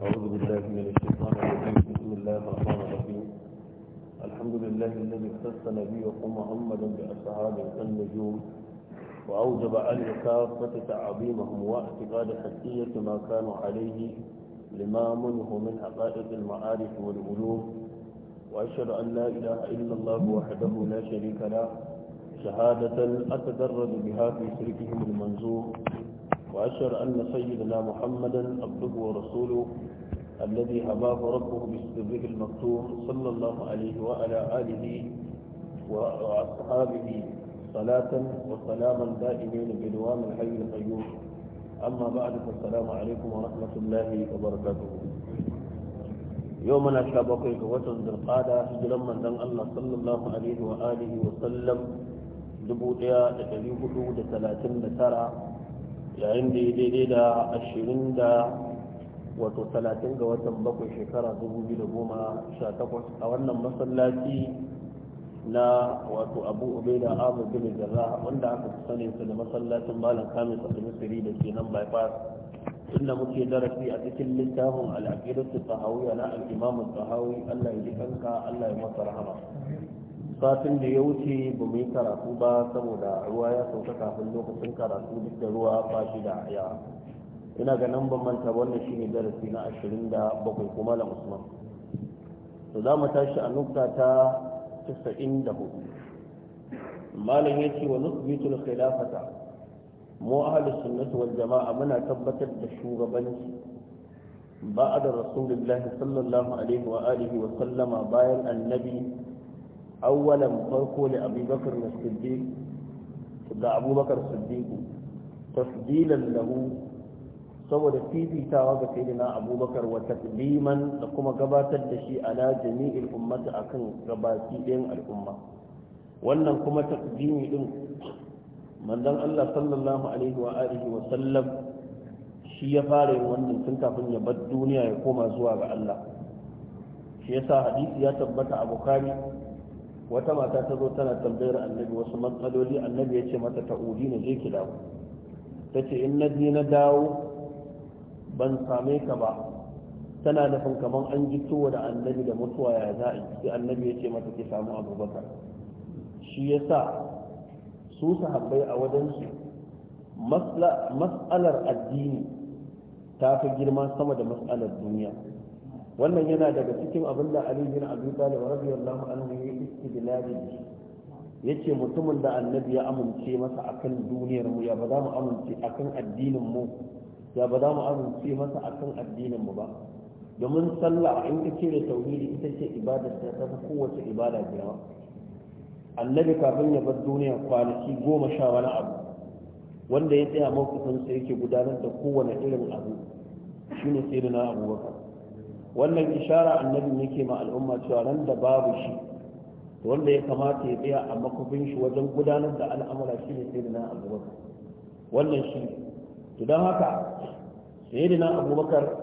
أعوذ بالله من الشيطان الرجيم بسم الله الرحمن الرحيم الحمد لله الذي اختص نبيه محمدا بأسعاد النجوم وأوجب على كافة تعظيمهم واعتقاد حسية ما كانوا عليه لما منه من حقائق المعارف والعلوم وأشهد أن لا إله إلا الله وحده لا شريك له شهادة أتدرج بها في شركهم المنزوم وأشهد أن سيدنا محمدا عبده ورسوله الذي هباه ربه بالسره المكتوم صلى الله عليه وعلى آله وأصحابه صلاة وسلاما دائمين بدوام الحي القيوم أما بعد فالسلام عليكم ورحمة الله وبركاته يومنا شابقيك وطن ذي القادة لما دن الله صلى الله عليه وآله وسلم دبوتيا تتليه دود ثلاثين ترى يعني دي دي دا الشرين دا wato 30 ga watan bakwai shekara 2018 a wannan masallaci na wato abu ubaida abu bin jarra wanda aka sani su da masallacin malam kamis al misri da ke nan bypass inda muke darasi a cikin littafin al'aqidatu tahawiyya na al-imam tahawi Allah ya ji kanka Allah ya masa rahama satin da ya wuce ba mu yi karatu ba saboda ruwa ya sauka kafin lokacin karatu duk da ruwa ba shi da yawa ina ga nan ban manta wannan shine darasi na 27 kuma la usman to za mu tashi a nukta ta 94 malam yace wa nusbitul khilafata mu ahlus sunnati wal jamaa muna tabbatar da shugabanci بعد رسول الله صلى الله عليه wa sallama bayan النبي أولا farko da abubakar الصديق da abubakar siddiqu tasdilan lahu saboda fifitawa ga na abubakar wata taqdiman da kuma gabatar da shi ala jami'il ummati akan gabaki ɗayan al'umma wannan kuma taqdimi din manzon Allah sallallahu alaihi wa alihi wa sallam shi ya fara yin wannan tun kafin ya bar duniya ya koma zuwa ga Allah shi yasa hadisi ya tabbata a bukari wata mata ta zo tana tambayar annabi wasu matsaloli annabi ya ce mata ta, ne je ki dawo ta ce in na je na dawo ban same ka ba tana nufin kamar an jitowa da annabi da mutuwa ya za a sai annabi ya ce mata ki samu abubakar shi ya sa su sahabbai a wajensu mas'alar addini ta fi girma sama da mas'alar duniya wannan yana daga cikin abin da ali bin abi talib radiyallahu anhu ya istidlali yace mutumin da annabi ya amince masa akan duniyar mu ya ba za mu amince akan addinin mu ya ba za mu amince masa akan addinin mu ba domin sallah in ka ce da tauhidi ita ce ibadar da ta kowace ibada girma annabi kafin ya bar duniya kwanaki goma sha wani abu wanda ya tsaya mawkifin sai yake gudanar da kowane irin abu shine sai da na abubakar wannan ishara annabin yake ma al'umma cewa ran da babu shi wanda ya kamata ya tsaya a makofin shi wajen gudanar da al'amura shine sai da na abubakar wannan shi to don haka sayyidina abubakar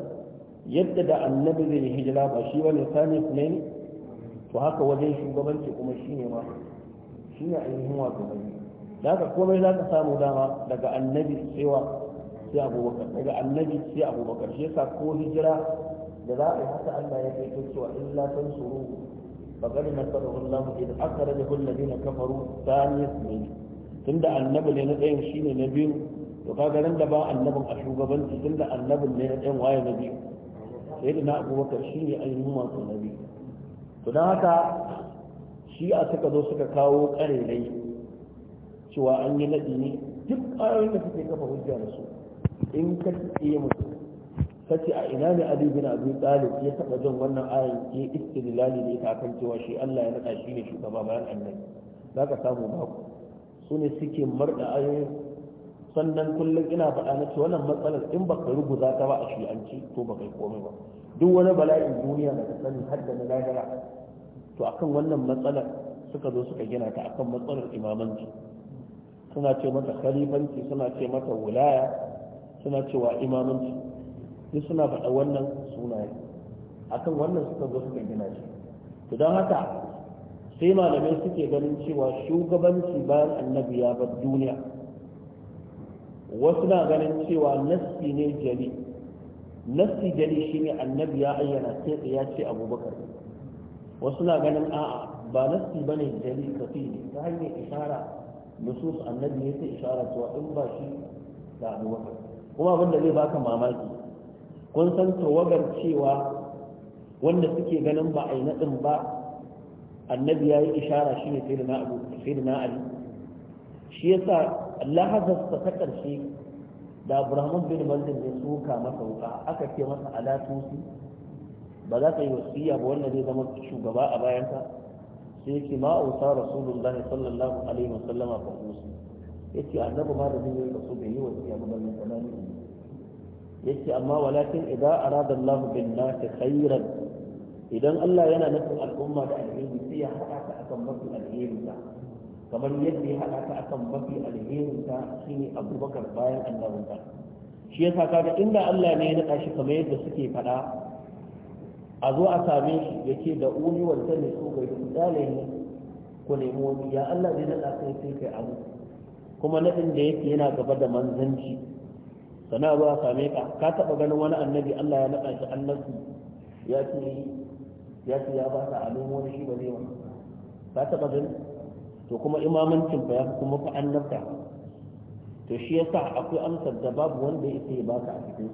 yadda da annabi zai yi hijira ba shi bane sani ne to haka wajen shugabanci kuma shi ne ma shi ne ainihin wato bai da haka komai za ka samu dama daga annabi cewa sai abubakar daga annabi sai abubakar shi yasa ko hijira da za a yi haka Allah ya kai cewa illa tansuru faqad nasarahu Allah id akhrajahu alladhina kafaru thani ismin tunda annabi ne na ɗayan shine na biyu to kaga ran da ba annabin a shugabanci da annabin ne na ɗan waye na biyu sai da na abubakar shi ne ainihin masu na biyu to don haka shi a suka zo suka kawo ƙarerai cewa an yi naɗi ne duk ƙarerai da suke kafa hujja da su in ka tsaye mutum ka ce a ina ne Ali bin Abi Talib ya taɓa jin wannan ayan ke istidlali ne ta kan cewa shi Allah ya naɗa shi ne shugaba bayan annabi za ka samu ba su ne suke marɗa ayoyin sannan kullum ina faɗa na ce wannan matsalar in ba ka ruguza ta ba a shi'anci to ba kai komai ba duk wani bala'in duniya da ka sani har da na lahira to akan wannan matsalar suka zo suka gina ta akan matsalar imamanci suna ce mata khalifanci suna ce mata wulaya suna cewa imamanci duk suna faɗa wannan sunaye akan wannan suka zo suka gina shi to don haka sai malamai suke ganin cewa shugabanci bayan annabi ya bar duniya wasu na ganin cewa nassi ne jali nassi jali shine annabi ya ayyana sai ya ce abubakar wasu na ganin a'a ba nassi bane jali kafi ta hanyar isara nusus annabi ya ce isara cewa in ba shi da abubakar kuma abin da zai baka mamaki kun san tawagar cewa wanda suke ganin ba a yi naɗin ba annabi ya yi ishara shi ne sai da na ali shi yasa Allah lahazarsa ta ƙarshe da abrahamun bin maldin ya soka masa wuka aka ce masa ala tusi. ba za ka yi wasiya ba wanda zai zama shugaba a bayanka sai yake ma ausa rasulullahi sallallahu alaihi wa sallama fa usi yace annabi ma da zai rasu bai yi wasiya ba ban sallallahu yace amma walakin idza arada Allah bin nas khairan idan Allah yana nufin al'umma da alheri sai ya haɗa ta akan mafi alheri ta kamar yadda ya haɗa ta akan mafi alherinsa ta shine abubakar bayan annabin ta shi ya yasa kaga inda Allah ne ya naɗa shi kamar yadda suke faɗa a zo a same shi ya ce da uni wanda ne so bai tsale ne ko ne ya Allah ne naɗa kai sai kai abu kuma naɗin da yake yana gaba da manzanci sana a same ka ka taɓa ganin wani annabi Allah ya naɗa shi annabi ya ce ya ce ya ba ta alamu wani shi ba zai ba ka taɓa ganin to kuma imamancin fa ya kuma fa annabta to shi yasa akwai amsar da babu wanda ya sai baka a cikin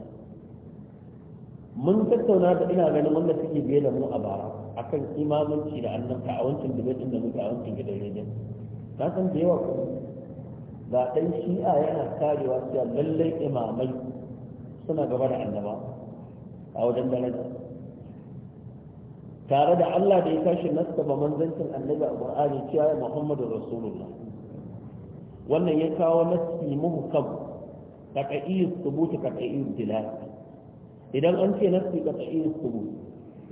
mun tattauna da ina ganin wanda suke biye da mu a bara akan imamanci da annabta a wancan dubaitin da muke a wancan gidan rediyon ka san da yawa ga ɗan shi'a yana karewa cewa lallai imamai suna gaba da annaba a wajen daraja tare da Allah da ya tashi nasaba manzancin annabi a Qur'ani cewa Muhammadu Rasulullah wannan ya kawo nasi muhkam qat'i thubuti qat'i dilal idan an ce nasi qat'i thubut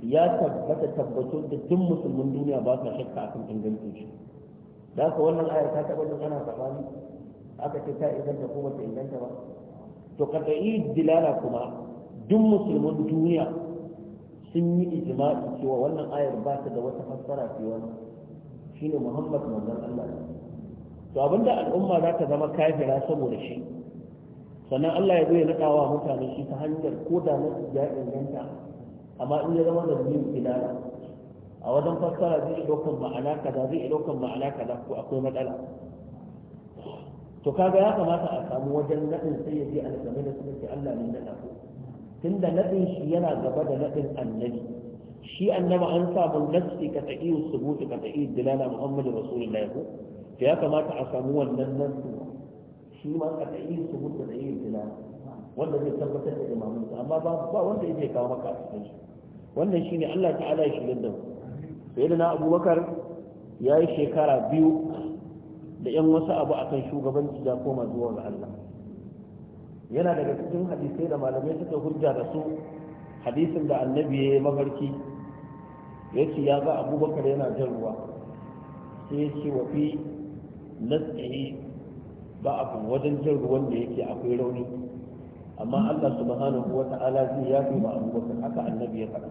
ya tabbata tabbatar da duk musulmin duniya ba sa shakka akan ingancin shi da haka wannan ayar ta taba da ana sabani aka ce ta inganta ko ta inganta ba to qat'i dilala kuma duk musulmin duniya sun yi ijma'i cewa wannan ayar ba ta da wata fassara fi wannan shine Muhammad manzon Allah to abinda al'umma za ta zama kafira saboda shi sannan Allah ya zo ya nada wa mutane shi ta hanyar ko da na ya inganta amma in ya zama da biyu kidara a wajen fassara zai iya ɗaukan ma'ana kaza zai iya ɗaukan ma'ana kaza ko akwai matsala to kaga ya kamata a samu wajen nadin sai ya je a game da sunan Allah ne na ko tunda naɗin shi yana gaba da naɗin annabi shi annaba an samu nafsi ka ta'i subuti ka ta'i dilala muhammadu rasulullahi ko to ya kamata a samu wannan nafsi shi ma ka ta'i subuti ka ta'i dilala wanda zai tabbatar da imamin sa amma ba wanda yake kawo maka a cikin shi wannan shi ne Allah ta'ala ya shigar da mu na, abubakar ya yi shekara biyu da yan wasu abu akan shugabanci da koma zuwa ga Allah yana daga cikin hadisai da malamai suka hujja da su hadisin da annabi ya yi mafarki ya ce ya ga abubakar yana jan ruwa sai ya ce wa fi tsaye ba abu wajen jan ruwan da yake akwai rauni amma allah subhanahu wa ta'ala zai ya fi ma abubakar haka annabi ya faɗa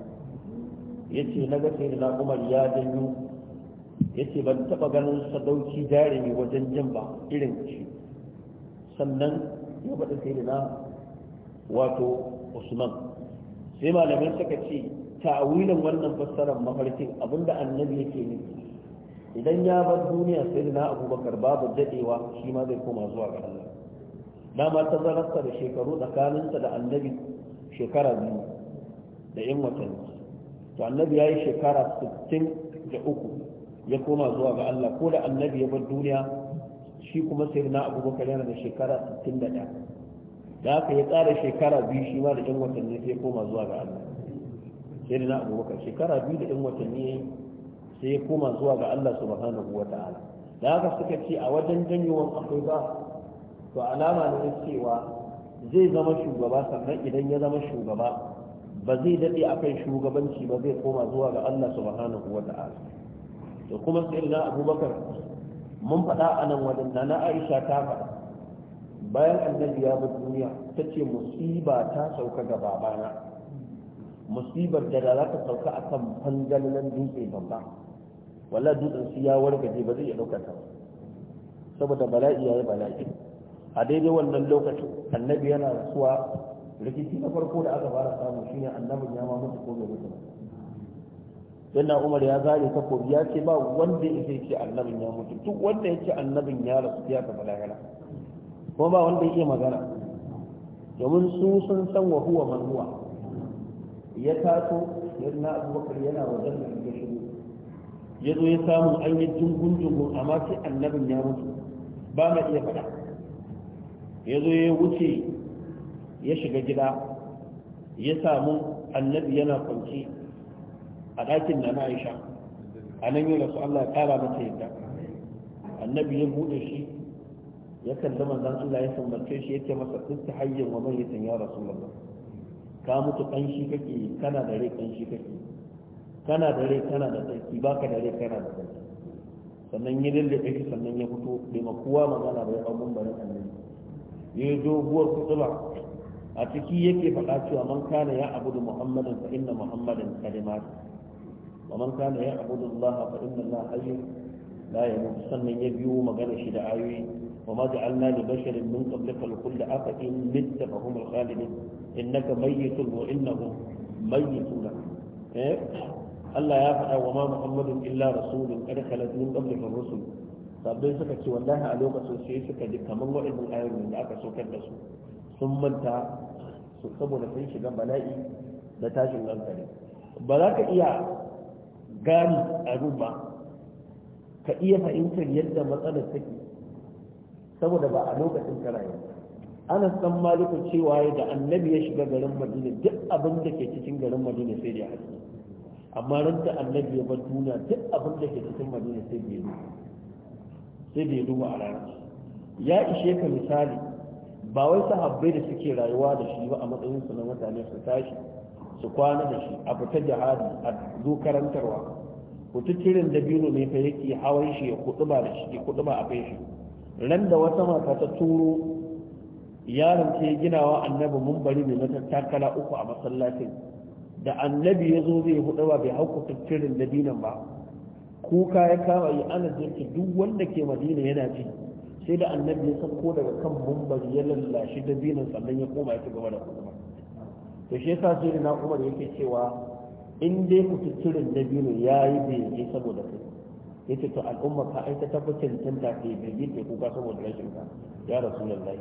ya ce na gasa da umar ya janyo ya ce ban taɓa ganin sadauki jarumi wajen jan ba irin shi sannan ya faɗi sai na wato usman sai malamai suka ce ta'awilin wannan fassarar mafarkin abinda annabi yake nufi idan ya bar duniya sai na abubakar babu dadewa shi ma zai koma zuwa ga Allah dama ta zararsa da shekaru tsakaninsa da annabi shekara biyu da yan watanni to annabi ya yi shekara 63 ya koma zuwa ga Allah ko da annabi ya bar duniya shi kuma sai na abubakar yana da shekara 61 da aka yi tsara shekara biyu shi ma da ɗan watanni sai koma zuwa ga Allah sai na abubakar shekara biyu da ɗan watanni sai koma zuwa ga Allah subhanahu wa ta'ala da aka suka ce a wajen janyewan akwai ba to alama ne cewa zai zama shugaba sannan idan ya zama shugaba ba zai daɗe a kan shugabanci ba zai koma zuwa ga Allah subhanahu wa ta'ala to kuma sai na abubakar mun faɗa a nan wajen na na aisha ta faɗa bayan annabi ya bi duniya ta ce musiba ta sauka ga babana musibar da za ta sauka a kan fangalinan dutse babba wallah dutsen su ya wargaje ba zai iya ɗaukar ta saboda bala'i ya yi bala'i a daidai wannan lokacin annabi yana rasuwa rikici na farko da aka fara samu shine annabin ya ma mutu ko bai mutu ba dan Umar ya ta takobi ya ce ba wanda yake ce annabin ya mutu duk wanda yake annabin ya rasu ya tafi lahira kuma ba wanda yake magana domin su sun san wa huwa man huwa ya taso yana abubakar yana wajen da ya shigo ya zo ya samu an yi jungun jungun amma sai annabin ya mutu ba ma iya faɗa ya zo ya wuce ya shiga gida ya samu annabi yana kwanci a ɗakin da na aisha a nan yi rasu allah ya kara mata yadda annabi ya buɗe shi ya kalli manzon allah ya sambace shi yake masa tsitsi hayyan wa mai yasan ya rasu allah ka mutu ƙanshi kake kana da rai ƙanshi kake kana da rai kana da tsarki baka da rai kana da tsarki sannan ya lallaɓe shi sannan ya fito bai ma kowa magana bai hau mambarin annabi ya yi doguwar kutuba a ciki yake faɗa cewa man kana ya abudu muhammadin fa inna muhammadin kalimatu ومن كان يعبد الله فإن الله حي لا يموت سنة يبيو مغنى شدعاوي وما جعلنا لبشر من قبلك الكل أفإن مت فهم الخالدين إنك ميت وإنهم ميتون إيه؟ Allah ya faɗa wa ma Muhammadun illa rasulun kada khalat min qablihi suka ce wallahi a lokacin sai suka ji kamar waɗannan ayoyin da aka sokar da su sun manta su saboda sun shiga bala'i da tashin hankali ba za ka iya gani a ruba ka iya fahimtar yadda matsalar take saboda ba a lokacin karayen ana san maliku cewa ya da annabi ya shiga garin madina duk abin da ke cikin garin madina sai da haske amma ranta da annabi ya bar duniya duk abin da ke cikin madina sai da ya sai da ya duba a ranar ya ishe ka misali ba wai sahabbai da suke rayuwa da shi ba a matsayin su na mutane su tashi su kwana da shi a fita jihadi a zo karantarwa da dabino ne fa yake hawan shi ya ba da shi ya ba a kai shi ran da wata mata ta turo yaron ta ya ginawa annabi mun bari mata takala uku a masallacin da annabi ya zo zai ba bai hau da dabinon ba kuka ya kama yi ana jirki duk wanda ke madina yana ji sai da annabi ya sauko daga kan mumbari ya lallashi dabinon sannan ya koma ya ci gaba da kuma to shi yasa sai na umar yake cewa in dai ku tuturin dabino ya yi bege saboda kai yace to al'umma ka aika tabbacin fi cancanta ke bege ke kuka saboda rashin ka ya rasulullahi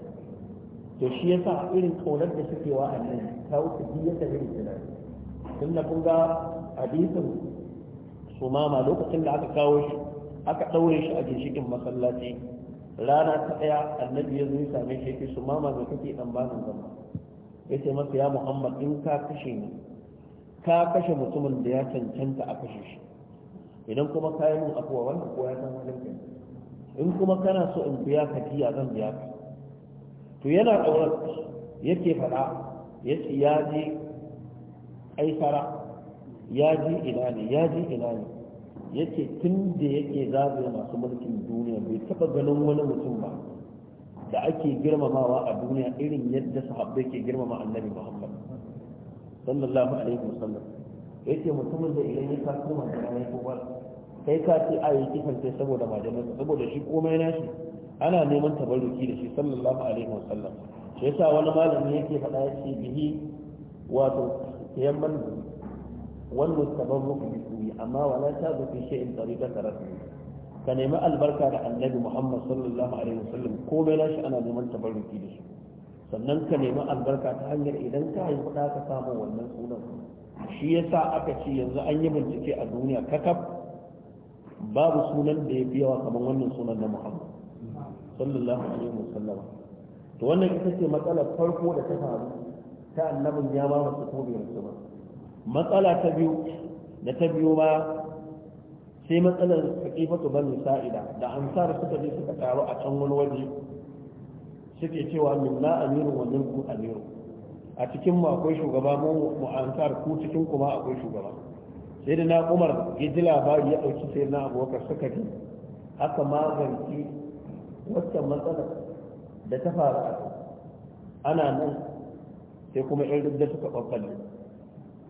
to shi yasa irin kaunar da suke wa annabi ta wuce duk yadda irin tunani tun da kun ga hadisin sumama lokacin da aka kawo shi aka ɗaure shi a ginshikin masallaci rana ta ɗaya annabi ya zo ya same shi yake sumama ga kake dan banin zama ya ce masa ya muhammad in ka kashe ni ka kashe mutumin da ya cancanta a kashe shi idan kuma ka yi min afuwa wanda ko ya san halin kai in kuma kana so in biya ka jiya zan biya ka to yana ɗaurar yake faɗa ya ce ya je aisara ya ji ina ne ya ji ina ne tun da yake zagaye masu mulkin duniya bai taɓa ganin wani mutum ba da ake girmamawa a duniya irin yadda sahabbai ke girmama annabi muhammad sallallahu alaihi wasallam ya ce mutumin da idan ya kasu masu ranar kowa kai ka ce a yi kifan sai saboda majalisa saboda shi komai na shi ana neman tabaruki da shi sallallahu alaihi wasallam shi yasa wani malami yake faɗa ya bihi wato yamman wani mustabar muku bi amma wala ta zafi shi in tsari da ka nemi albarka da annabi muhammad sallallahu alaihi wasallam komai shi ana neman tabarruki da shi sannan ka nemi albarka ta hanyar idan ka haifi ɗa ka samu wannan sunan shi yasa aka ce yanzu an yi bincike a duniya kakaf babu sunan da ya fi yawa kamar wannan sunan na muhammad sallallahu alaihi wasallam to wannan ita ce matsalar farko da ta faru ta annabin ya ba masu ko bai rasu ba matsala ta biyu da ta biyo ba sai matsalar sakifatu bani sa'ida da ansar suka je suka taru a can wani waje suke cewa min la amiru wa ku amiru a cikin mu akwai shugaba mu mu ansar ku cikin kuma akwai shugaba sai da na Umar ya ji labari ya dauki sai na Abubakar suka ji aka magance wata matsalar da ta faru a ana nan sai kuma irin da suka kwakwalle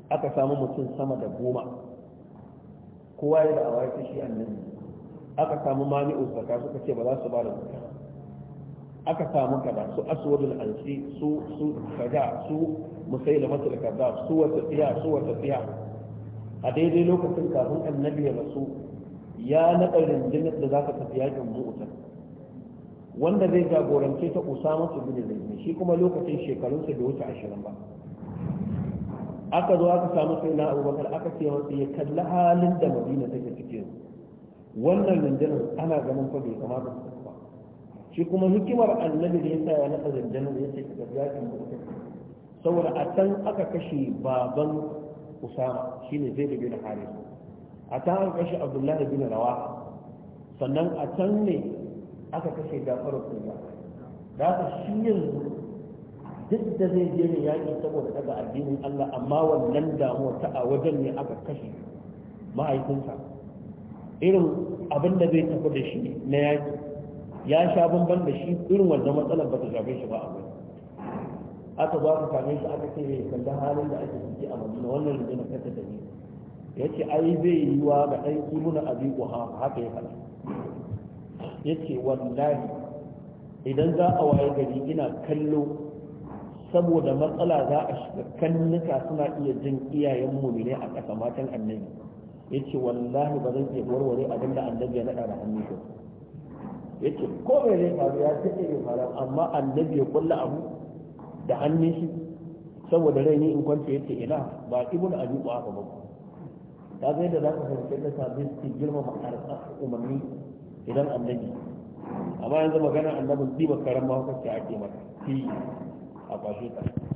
aka samu mutum sama da goma kowa ya da awa ta shi annabi aka samu mani'u zaka suka ce ba za su bada da zaka aka samu kada su aswadul ansi su su kaza su musailamatu kaza su wata tsiya su wata tafiya a daidai lokacin kafin annabi ya rasu ya naɗa rundunar da za ka tafi yakin mu'uta wanda zai jagorance ta usama su gudu zai shi kuma lokacin shekarunsa bai wuce ashirin ba aka zo aka samu sai na abubakar aka ce wasu ya kalli halin da madina take cikin wannan rundunar ana ganin fa bai kamata su ba shi kuma hikimar annabi da ya sa ya nasa rundunar ya ce ka yakin saboda a can aka kashe baban usama shine zai da bin haris a can aka kashe abdullahi bin rawa sannan a can ne aka kashe gafarar kuma da shi yanzu duk da zai je mai yaƙi saboda daga addinin Allah amma wannan damuwa ta a wajen ne aka kashe mahaifinsa irin abin da zai tafi da shi na yaƙi ya sha bamban da shi irin wanda matsalar ba ta shafe shi ba a wani aka ba ka same shi aka ce mai kalla halin da ake ciki a madina wannan rundunar kasa da ni ya ce ai zai yi wa ga ɗan ibuna abi haka ya faɗa ya ce wallahi idan za a waye gari ina kallo saboda matsala za a shiga kannuka suna iya jin iyayen mumine a ƙasa matan annabi yace wallahi ba zan iya warware abin da annabi ya naɗa da hannu ko yace ko me zai faru ya ce ne faru amma annabi ya kulla abu da hannun shi saboda rai ne in kwance yace ina ba ibnu abi quhafa ba ta ga yadda za ka fahimci da sabbin su girmama arsa umarni idan annabi amma yanzu magana annabin ziba karan ma hukunci ake mata a kwashe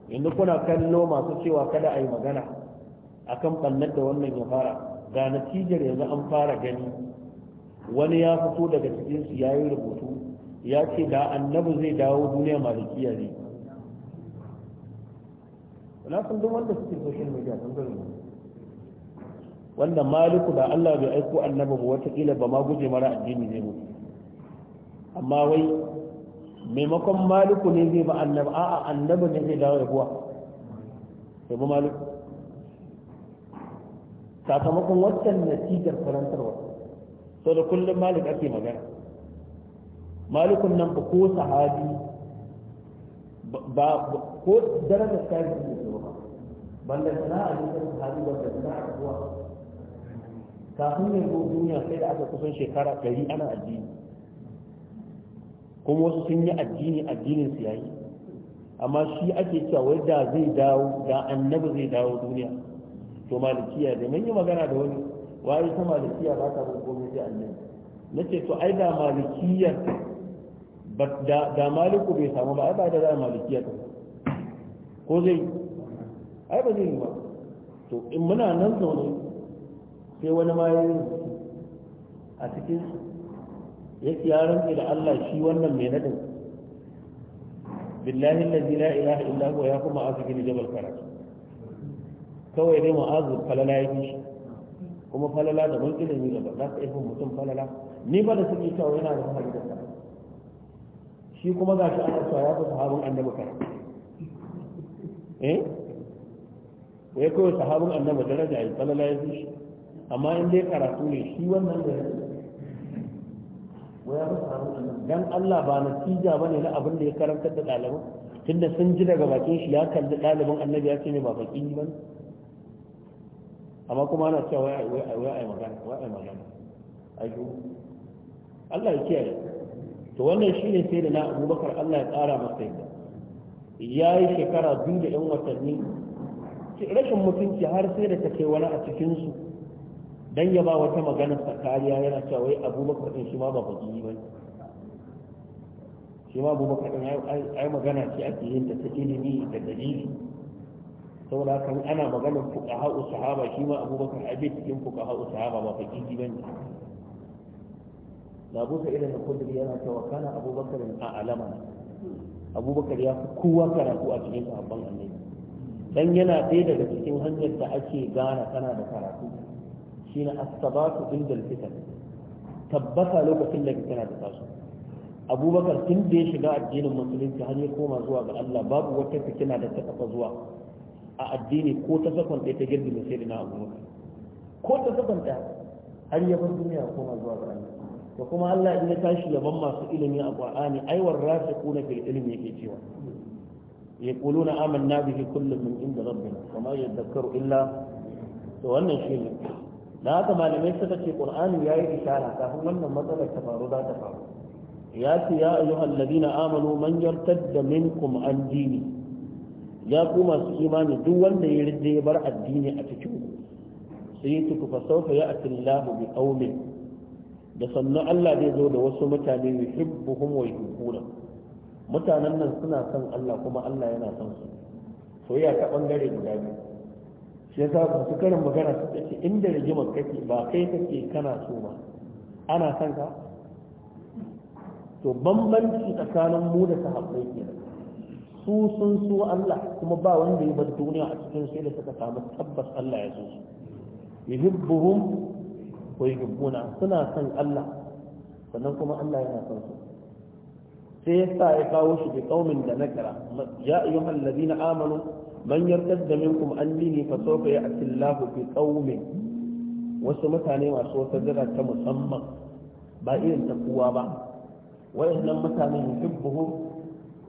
yanzu kuna kallo masu cewa kada a yi magana akan ɓannar da wannan ya fara ga natijar yanzu an fara gani wani ya fito daga cikin su ya yi rubutu ya ce da annabi zai dawo duniya malikiya ne na san duk wanda suke social media sun zai wanda maliku da Allah bai aiko annabi ba wata kila ba ma guje mara addini zai mutu amma wai maimakon maliku ne zai ba annabi a'a annabi ne zai dawo ya kuwa ya bi maliku sakamakon waccan natijar karantarwa so da kullum malik ake magana malikun nan ba ko sahabi ba ko darajar kayan ne ba banda sana'a a ta sahabi banda sana'a kuwa kafin yanzu duniya sai da aka kusan shekara 100 ana addini kuma wasu sun yi addini addinin su yayi amma shi ake cewa wai da zai dawo da annabi zai dawo duniya to malikiya da mun yi magana da wani wai ta malikiya ba ta bin komai sai annabi nace to ai da ba da maliku bai samu ba ai ba da za malikiya ta ko zai ai ba zai yi ba to in muna nan zaune sai wani ma ya a cikin yake ya rantsi da Allah shi wannan mai nadin billahi allazi la ilaha illa huwa ya kuma azu bin jabal karat kawai dai mu'azu falala yake shi kuma falala da ban ilimi da ba za ka ifa mutum falala ni ba da suke cewa yana da fahari da sa shi kuma shi ana cewa ya fi sahabin annabi karat eh wai kawai sahabin annabi daraja ya falala yake shi amma in dai karatu ne shi wannan da ya mu ya fasa nan dan Allah ba natija bane na abin da ya karantar da ɗaliban tunda sun ji daga bakin shi ya kalli ɗaliban annabi ya ce ne ba baki ba ne amma kuma ana cewa wai wai wai ai magana wai ai magana ayo Allah ya kiyaye to wannan shine sai da na Abubakar Allah ya tsara masa yadda yayi shekara biyu da ɗan watanni rashin mutunci har sai da take wani a cikin su dan ya ba wata maganar sa kariya yana cewa wai abubakar din shi ma ba fadi ba shi ma abubakar din ai magana ce ake yin ta ta ilimi da dalili saboda kan ana maganar fuqaha sahaba shi ma abubakar bai cikin fuqaha sahaba ba fadi ba ne da abu sa irin kudri yana cewa kana abubakar a alama abubakar ya fi kowa karatu a cikin sahabban annabi dan yana ɗaya daga cikin hanyar da ake gane kana da karatu shine as-sabatu indal fitan tabbata lokacin da kana da tasu abubakar tun da ya shiga addinin musulunci har ya koma zuwa ga Allah babu wata fitina da ta taɓa zuwa a addini ko ta sakon ɗaya ta girgin sai da na abubakar ko ta sakon ɗaya har ya bar duniya koma zuwa ga Allah da kuma Allah in ya tashi yaban masu ilimi a Qur'ani aiwar rasiquna fil ilmi yake cewa yaquluna amanna bihi kullun min inda rabbina wa ma yadhakkaru illa to wannan shine Da haka malamai suka ce qur'ani yi ishara kafin wannan matsalar ta faru za ta faru ya ce ya ayu alladina amanu man yartadda minkum an dini ya ku masu imani duk wanda ya rinde ya bar addini a cikin ku sai tuku ku fasauka ya atillahu bi qaumin da sannu Allah zai zo da wasu mutane yuhibbuhum wa yuhuna mutanen nan suna son Allah kuma Allah yana son su soyayya ta bangare guda biyu shi yasa ba su karin magana suka ce inda rigimar kake ba kai kake kana so ba ana son ka to bambanci tsakanin mu da sahabbai kenan su sun so Allah kuma ba wanda ya bar duniya a cikin sai da suka samu tabbas Allah ya so su yuhibbuhum wa yuhibbuna suna son Allah sannan kuma Allah yana son su sai ya sa ya kawo shi bi kaumin da nakara ya ayu ladina amanu man yartadda minkum an dini fa sawfa ya'ti Allahu bi qaumin wasu mutane masu wata jira ta musamman ba irin ta kuwa ba wayannan mutane yuhibbuhum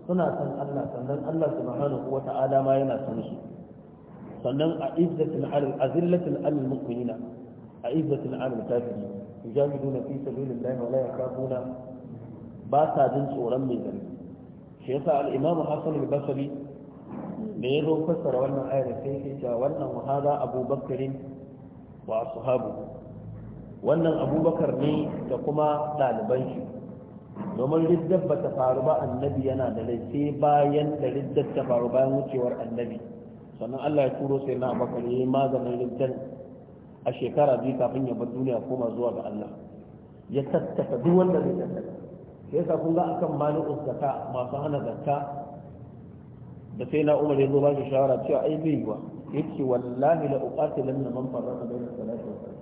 suna san Allah sannan Allah subhanahu wa ta'ala ma yana san su sannan a izzatil al azillatil al mu'minina a izzatil al kafirin yujahiduna fi sabilillahi wa la yakhafuna ba sa jin tsoron mai zargi shi yasa al-imamu hasan al-basri me ya zo fassara wannan ayar sai ya ce wannan wahada abubakarin wa ashabu wannan abubakar ne da kuma ɗaliban shi domin riddar ba ta faru ba annabi yana da laifi bayan da riddar ta faru bayan wucewar annabi sannan Allah ya turo sai na abakar ya yi maganin riddar a shekara biyu kafin ya bar duniya koma zuwa ga Allah ya tattafa duk wanda zai tattaka yasa kun ga akan malu'us zakka masu hana zakka da sai na umar ya zo ba shi shawara cewa ai bai yiwa yace wallahi la uqatilanna man farrata da salati wa salat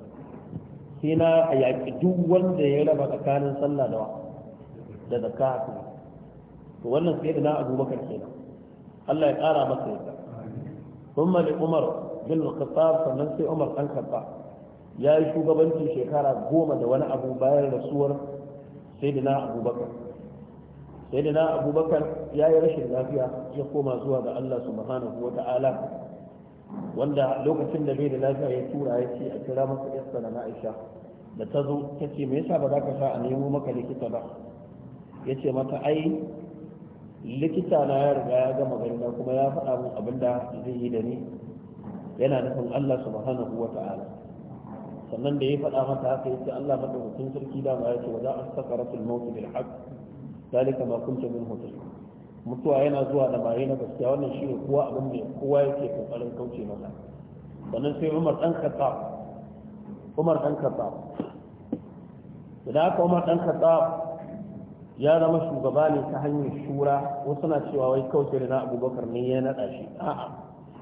sai na yaƙi duk wanda ya raba tsakanin sallah da da zakka kuma to wannan sai da na abubakar kenan Allah ya ƙara masa yadda ثم لعمر بن الخطاب sannan sai Umar dan Khattab ya yi shugabanci shekara goma da wani abu bayan rasuwar sai da na abubakar sai ya yi rashin lafiya ya koma zuwa ga allah subhanahu wa ta'ala wanda lokacin da bai da lafiya ya tura ya ce a kira masa yasta da na'isha da ta zo ta ce me yasa ba za ka sa a nemo maka likita ba ya ce mata ai likita na ya riga ya gama garina kuma ya faɗa min abin da zai yi da ni yana nufin allah subhanahu wa ta'ala sannan da ya faɗa mata haka yace Allah madaukakin sarki da ba yace wa za a sakaratul maut bil haqq zalika ma kunta min hutul mutuwa yana zuwa da baye na gaskiya wannan shine kowa abin da kowa yake kokarin kauce masa sannan sai Umar dan Khattab Umar dan Khattab idan aka Umar dan Khattab ya zama shugaba ne ta hanyar shura wasu na cewa wai kauce da na abubakar ne ya naɗa shi a'a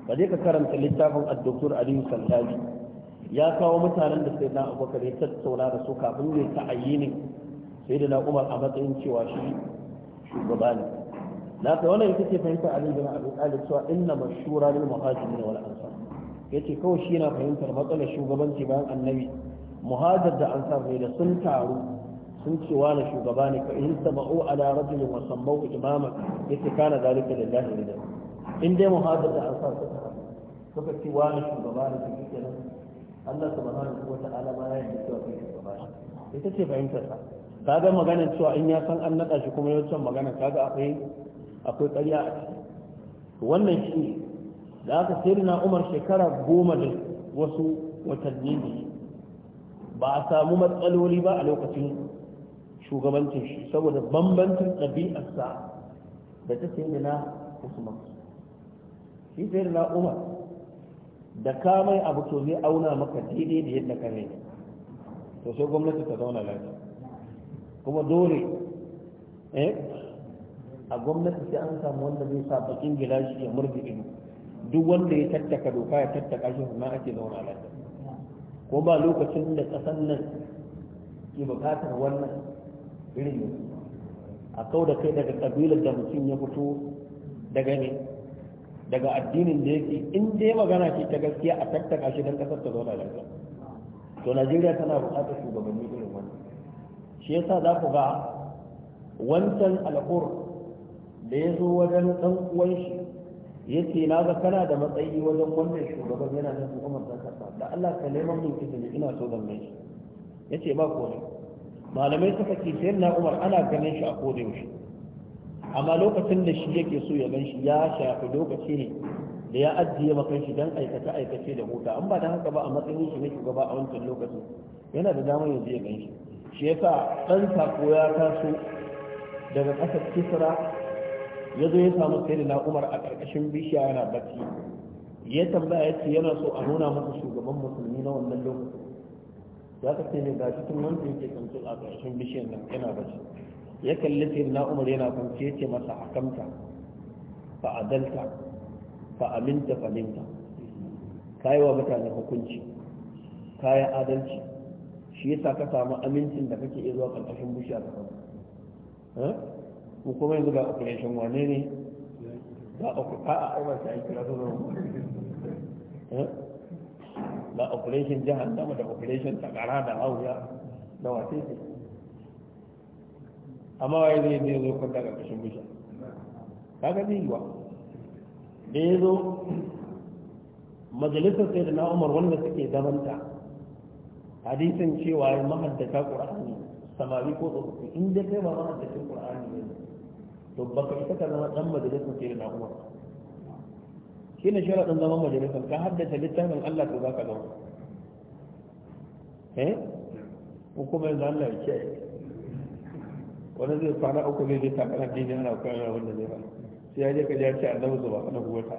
ba zai ka karanta littafin addoktor aliyu sallabi ya kawo mutanen da sai na abubakar ya tattauna da su kafin ne ta ayyini sai da na umar a matsayin cewa shi shugaba ne na ta wannan ita ce fahimta ali bin abi talib cewa inna mashura lil na wal'ansa ya ce kawai shi na fahimtar matsalar shugabanci bayan annabi muhajar da ansar ne da sun taru sun ce wani shugaba ne fa in sama'u ala rajulin wa sammau imama yace kana zalika lillahi ne in dai muhajir da ansar suka ce wani shugaba ne suke Allah subhanahu wa ta'ala ma ya yi cewa kai shugaba ita ce fahimtar sa kaga maganar cewa in ya san an naɗa shi kuma ya yawancin magana kaga akwai akwai ƙarya a ciki wannan shi ne da aka sayar na umar shekara goma da wasu watanni ne ba a samu matsaloli ba a lokacin shugabancin shi saboda bambancin ɗabi'arsa da ta da na usman shi da na umar da ka mai abu to zai auna maka daidai da yadda ka ne to sai gwamnati ta zauna lafiya kuma dole eh, a gwamnati sai an samu wanda zai sa bakin gilashi ya murgi ido duk wanda ya tattaka doka ya tattaka shi na ake zauna lafiya ko ba lokacin da kasan nan ke bukatar wannan irin a kau da kai daga kabilar da mutum ya fito daga ne daga addinin da yake in dai magana ce ta gaskiya a tattaka shi don kasar ta zauna lafiya to najeriya tana buƙatar shugabanni irin wani shi yasa za ku ga wancan alƙur da ya zo wajen ɗan uwan shi ya ce na ga kana da matsayi wajen wannan shugaban yana nan hukumar ta kasa da Allah ka neman min izini ina so zan mai ya ce ba komai malamai suka ce sai na umar ana ganin shi a koda yaushe amma lokacin da shi yake so ya gan ya shafi lokaci ne da ya ajiye maka shi don aikace aikace da huta an ba da haka ba a matsayin shi ne shugaba a wancan lokacin yana da damar yanzu ya gan shi shi yasa ɗan sako ya taso daga ƙasar kisra ya zo ya samu sai na umar a ƙarƙashin bishiya yana bacci ya tambaya ya ce yana so a nuna masa shugaban musulmi na wannan lokacin ya kasance ne ga cikin wanda yake kanto a ƙarƙashin bishiyar nan yana bacci ya kalli na umar yana kwance ce masa hakamta fa adalta fa aminta fa minta yi wa mutane hukunci yi adalci shi yasa ka samu amincin da kake iya zuwa karkashin bushiya da samu eh? ku kuma yanzu ga operation wane ne ba a a aibar ta aiki na zuwa Ba eh? operation jihar sama da operation takara da hauya da wasu amma waye zai ne zo kwanta bushe bishiya ga zai yiwa da ya zo majalisar sai da na'umar wanda suke zamanta hadisin cewa ya mahaddata ƙur'ani samari ko tsofaffi in dai kai ba mahaddacin ƙur'ani ne to ba ka isa ka zama ɗan majalisar sai da na'umar shi ne sharaɗin zaman majalisar ka haddace littafin allah to za ka zama eh ko kuma yanzu allah ya kiyaye wani zai kwana uku zai je takan addini ana koyar wanda zai fara sai ya je ka a zama zuwa kana kuwa ta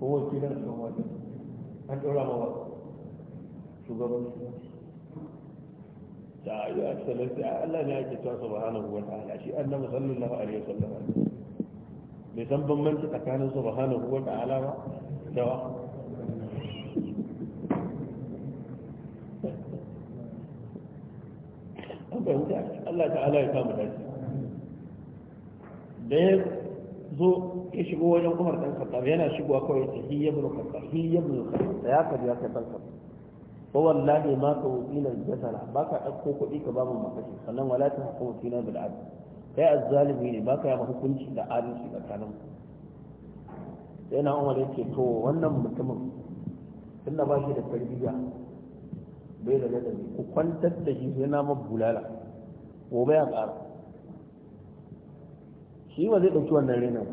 kuma wakil da su wata an dora ma wa shugaban su ta yi a a Allah ne ake ba cewa subhanahu wa ta'ala shi an annabi sallallahu alaihi sallama bai san bambanci tsakanin su ba subhanahu wa ta'ala ba da fahimta Allah ta'ala ya shigo wajen Umar dan yana shigowa kawai ta hiyya hiyya wallahi ma ka jasara ka ɗauko kuɗi ka makashi sannan wala ta fina bil adl kai azzalimi ne ka yi hukunci da adalci tsakanin sai na Umar yake to wannan mutumin tunda ba shi da tarbiyya bai da ladabi ku kwantar da shi sai na bulala gobe ya ƙara shi ba zai ɗauki wannan renin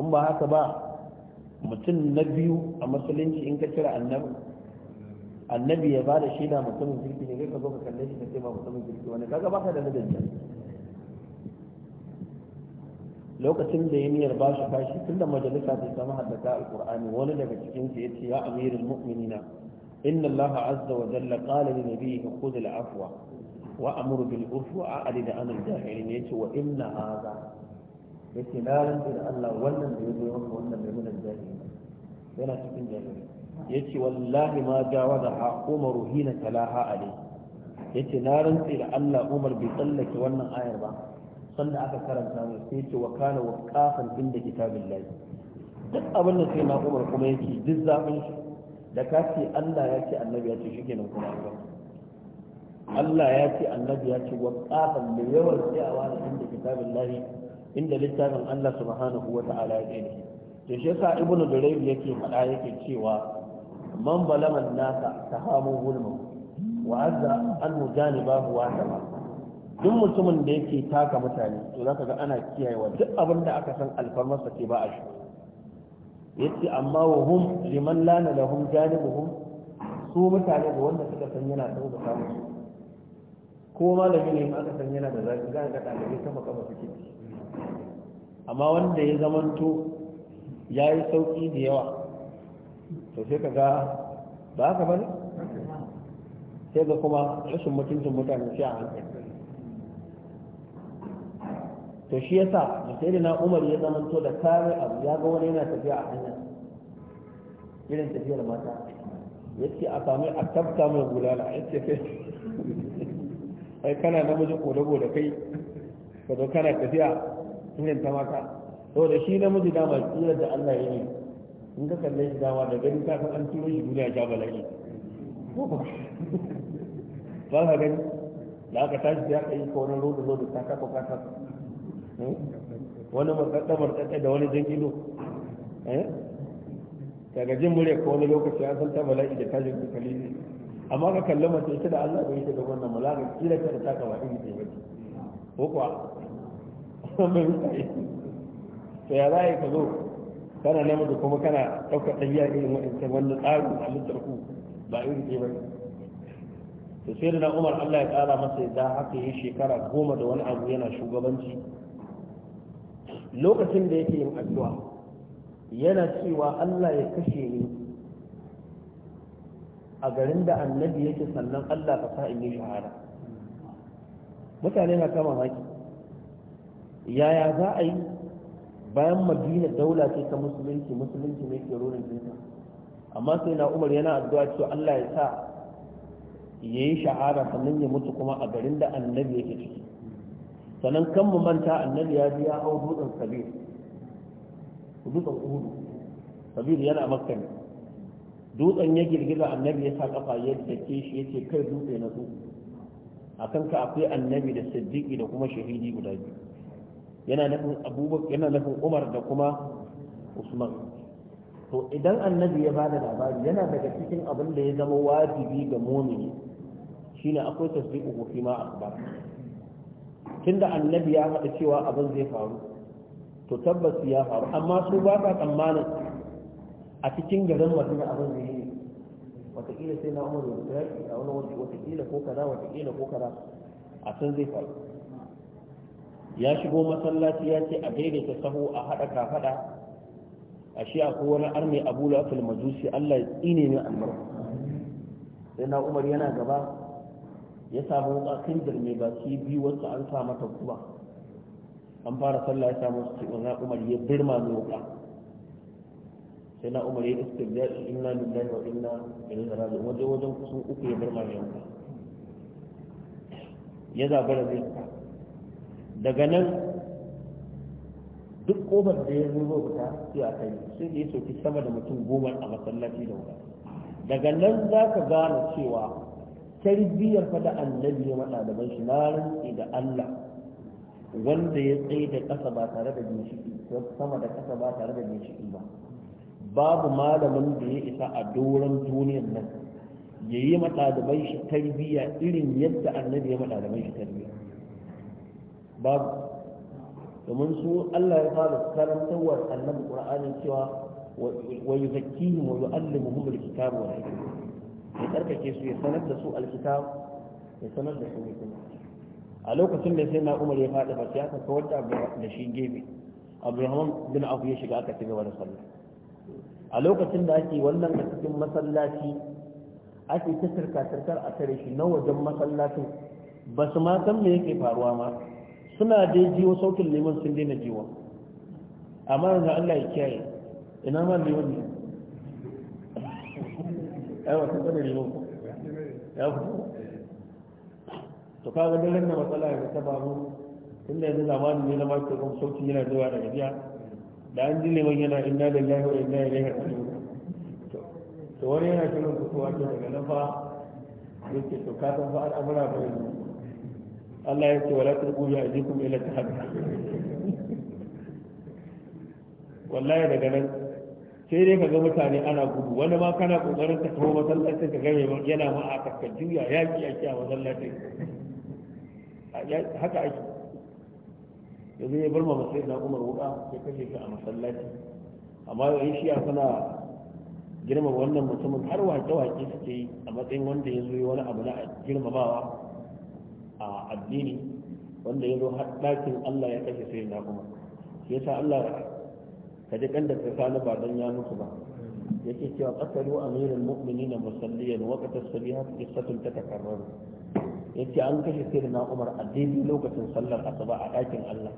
in ba haka ba mutum na biyu a musulunci in ka cire annabi annabi ya ba da shaida mutumin kirki ne ka zo ka kalle shi ka ce ba mutumin kirki wani kaga ba ka da nadanta lokacin da ya niyyar ba shi kashi tun da majalisa ta samu haddaka alqur'ani wani daga cikin su yace ya amirul mu'minina inna allaha azza wa jalla qala li nabiyhi khudh al afwa wa amuru bil urfi wa a'rid an al jahilin yace wa inna Ya ce na rantsa da Allah wannan da ya zo maka wannan mai munan jahili yana cikin Ya ce wallahi ma da ha umaru hina talaha Ya ce na rantsa da Allah Umar bai tsallake wannan ayar ba sanda aka karanta mai sai yace wa kana waqafan inda kitabin kitabillahi duk abin da sai na Umar kuma ya yake duk zafin shi da ka Allah ya ce annabi ya ce shikenan kuma a gama Allah ya ce annabi ya ce wa qafan da yawan tsayawa da inda kitabin lahi inda littafin Allah subhanahu wa ta'ala ya gani to shi yasa ibnu durayb yake faɗa yake cewa man balaman nasa tahamu hulmu wa azza an mujanibahu wa sama duk mutumin da yake taka mutane to zaka ga ana kiyayewa duk abin da aka san alfarmarsa ce ba a shi yace amma wa hum liman lana lahum janibuhum su mutane da wanda suka san yana sauka musu ko malami ne ma aka san yana da zafi za ga ɗalibai kafa kama suke amma wanda ya zamanto ya yi sauƙi da yawa to sai ka ga ba ka bane sai ga kuma rashin mutuncin mutane shi a hankali to shi yasa da sai na umar ya zamanto da kare abu ya ga wani yana tafiya a hanya irin tafiyar mata ya ce a sami a tabta mai gudana ya ce kai ai kana namiji kodago da kai ka zo kana tafiya irin ta mata saboda shi namiji dama tsirar da Allah ya yi in ka kalle shi dama da gani ka san an turo shi duniya ja bala'i ba ka gani da aka tashi ya kai yi ka wani rodo rodo ta kafa kasa eh? wani matsatsa matsatsa da wani jin ido eh? daga jin murya ko wani lokaci an san ta bala'i da tashin kukali amma ka kalli mace ita da Allah bai ta gaban nan malaka kila ta ta ka wani ce ba ko kuwa mai mutane to ya zai ka zo kana namiji kuma kana ɗaukar ɗabi'a irin waɗancan wannan tsarin halittar ku ba irin ke ba to sai da umar allah ya ƙara masa yadda haka yi shekara goma da wani abu yana shugabanci lokacin da yake yin addu'a yana cewa allah ya kashe ni a garin da annabi yake sannan Allah ka sa in yi shahada mutane na kama haki yaya za a yi bayan madina daula ce ta musulunci musulunci ne ke ronin jinta? amma sai na umar yana addu'a cewa Allah ya sa ya yi shahara sannan ya mutu kuma a garin da annabi yake ciki sannan kan mu manta annabi ya biya hau dutsen sabir dutsen uhudu sabir yana makka ne dutsen ya girgiza annabi ya sa kafa yadda ke shi ya ce kai dutse na su a ka akwai annabi da siddiqi da kuma shahidi guda biyu yana nufin abubakar yana nufin umar da kuma usman to idan annabi ya bada labari yana daga cikin abin da ya zama wajibi ga mumini shine akwai tasdiqu ko ma akbar tunda annabi ya faɗa cewa abin zai faru to tabbas ya faru amma su ba ka tsammanin a cikin garin madina abin da yi wataƙila sai na umar yanzu yaƙi a wani waje Wataƙila ko kaza wataƙila ko kaza a san zai faru ya shigo masallaci ya ce a daidaita saho a haɗa kafaɗa a shi akwai wani arme abu lafil majusi allah ya tsine min albarka sai na umar yana gaba ya samu kan jirme ba shi biyu wasu an sa mata kuma an fara sallah ya samu su umar ya birma mai wuka sai na umar ya istirja inna lillahi wa inna ilaihi raji'un wajen wajen kusan uku ya bar mariyan ya da zai fita daga nan duk kofar da ya zo fita sai a kai sai da ya soki sama da mutum goma a masallaci da wuri daga nan za ka gane cewa tarbiyyar fa da annabi ya mada da shi na rantsi da Allah wanda ya tsaye da kasa ba tare da ginshiki sama da ƙasa ba tare da ginshiki ba babu malamin da ya isa a doron duniyar nan ya yi matsalabai shi tarbiyya irin yadda annabi ya matsalabai shi tarbiyya babu domin su Allah ya fara karantarwar annabi Qur'anin cewa wa yuzakkihim wa yu'allimuhum al-kitaba wa hikma ya tsarkake su ya sanar da su al ya sanar da su hikma a lokacin da sai na Umar ya fada ba ya ka kawar da shi gefe Abdurrahman bin Abu ya shiga aka ci gaba da sallah a lokacin da ake wannan a cikin masallaci ake ta sirka-sirkar a tare shi na wajen masallacin ba su ma san me yake faruwa ma suna dai jiwo sautin neman sun daina jiwo amma yanzu Allah ya kiyaye ina ma neman ne ai wata tsada liman ya fito to kaga daren da matsala ya ta tun da yanzu zamanin ne na makon sautin yana zuwa daga biya da an ji liman yana inna da lahi wa inna ilaihi raji'un to wani yana shirin ku kowa daga nan fa yake to ka san fa al'amura ba yanzu Allah ya ce wala turqu bi ajikum ila tahaddu wallahi daga nan sai dai ka ga mutane ana gudu wani ma kana kokarin ka kawo masallacin ka gane yana ma a kakkan juya yaki a a masallacin haka ake ya zai bar ma masai na umar wuka ya kashe ka a masallaci amma yau shi ya suna girma wannan mutumin har wake-wake suke yi a matsayin wanda ya zo wani abu na girmamawa a addini wanda ya zo har ɗakin allah ya kashe sai na umar shi yasa allah ka ji kan da ka sani ba don ya mutu ba yake cewa ƙasaru amirin mu'mini na musalliyan wakatar sabiha kisatun ta takarraru ya ce an kashe sai na umar a daidai lokacin sallar asuba a ɗakin allah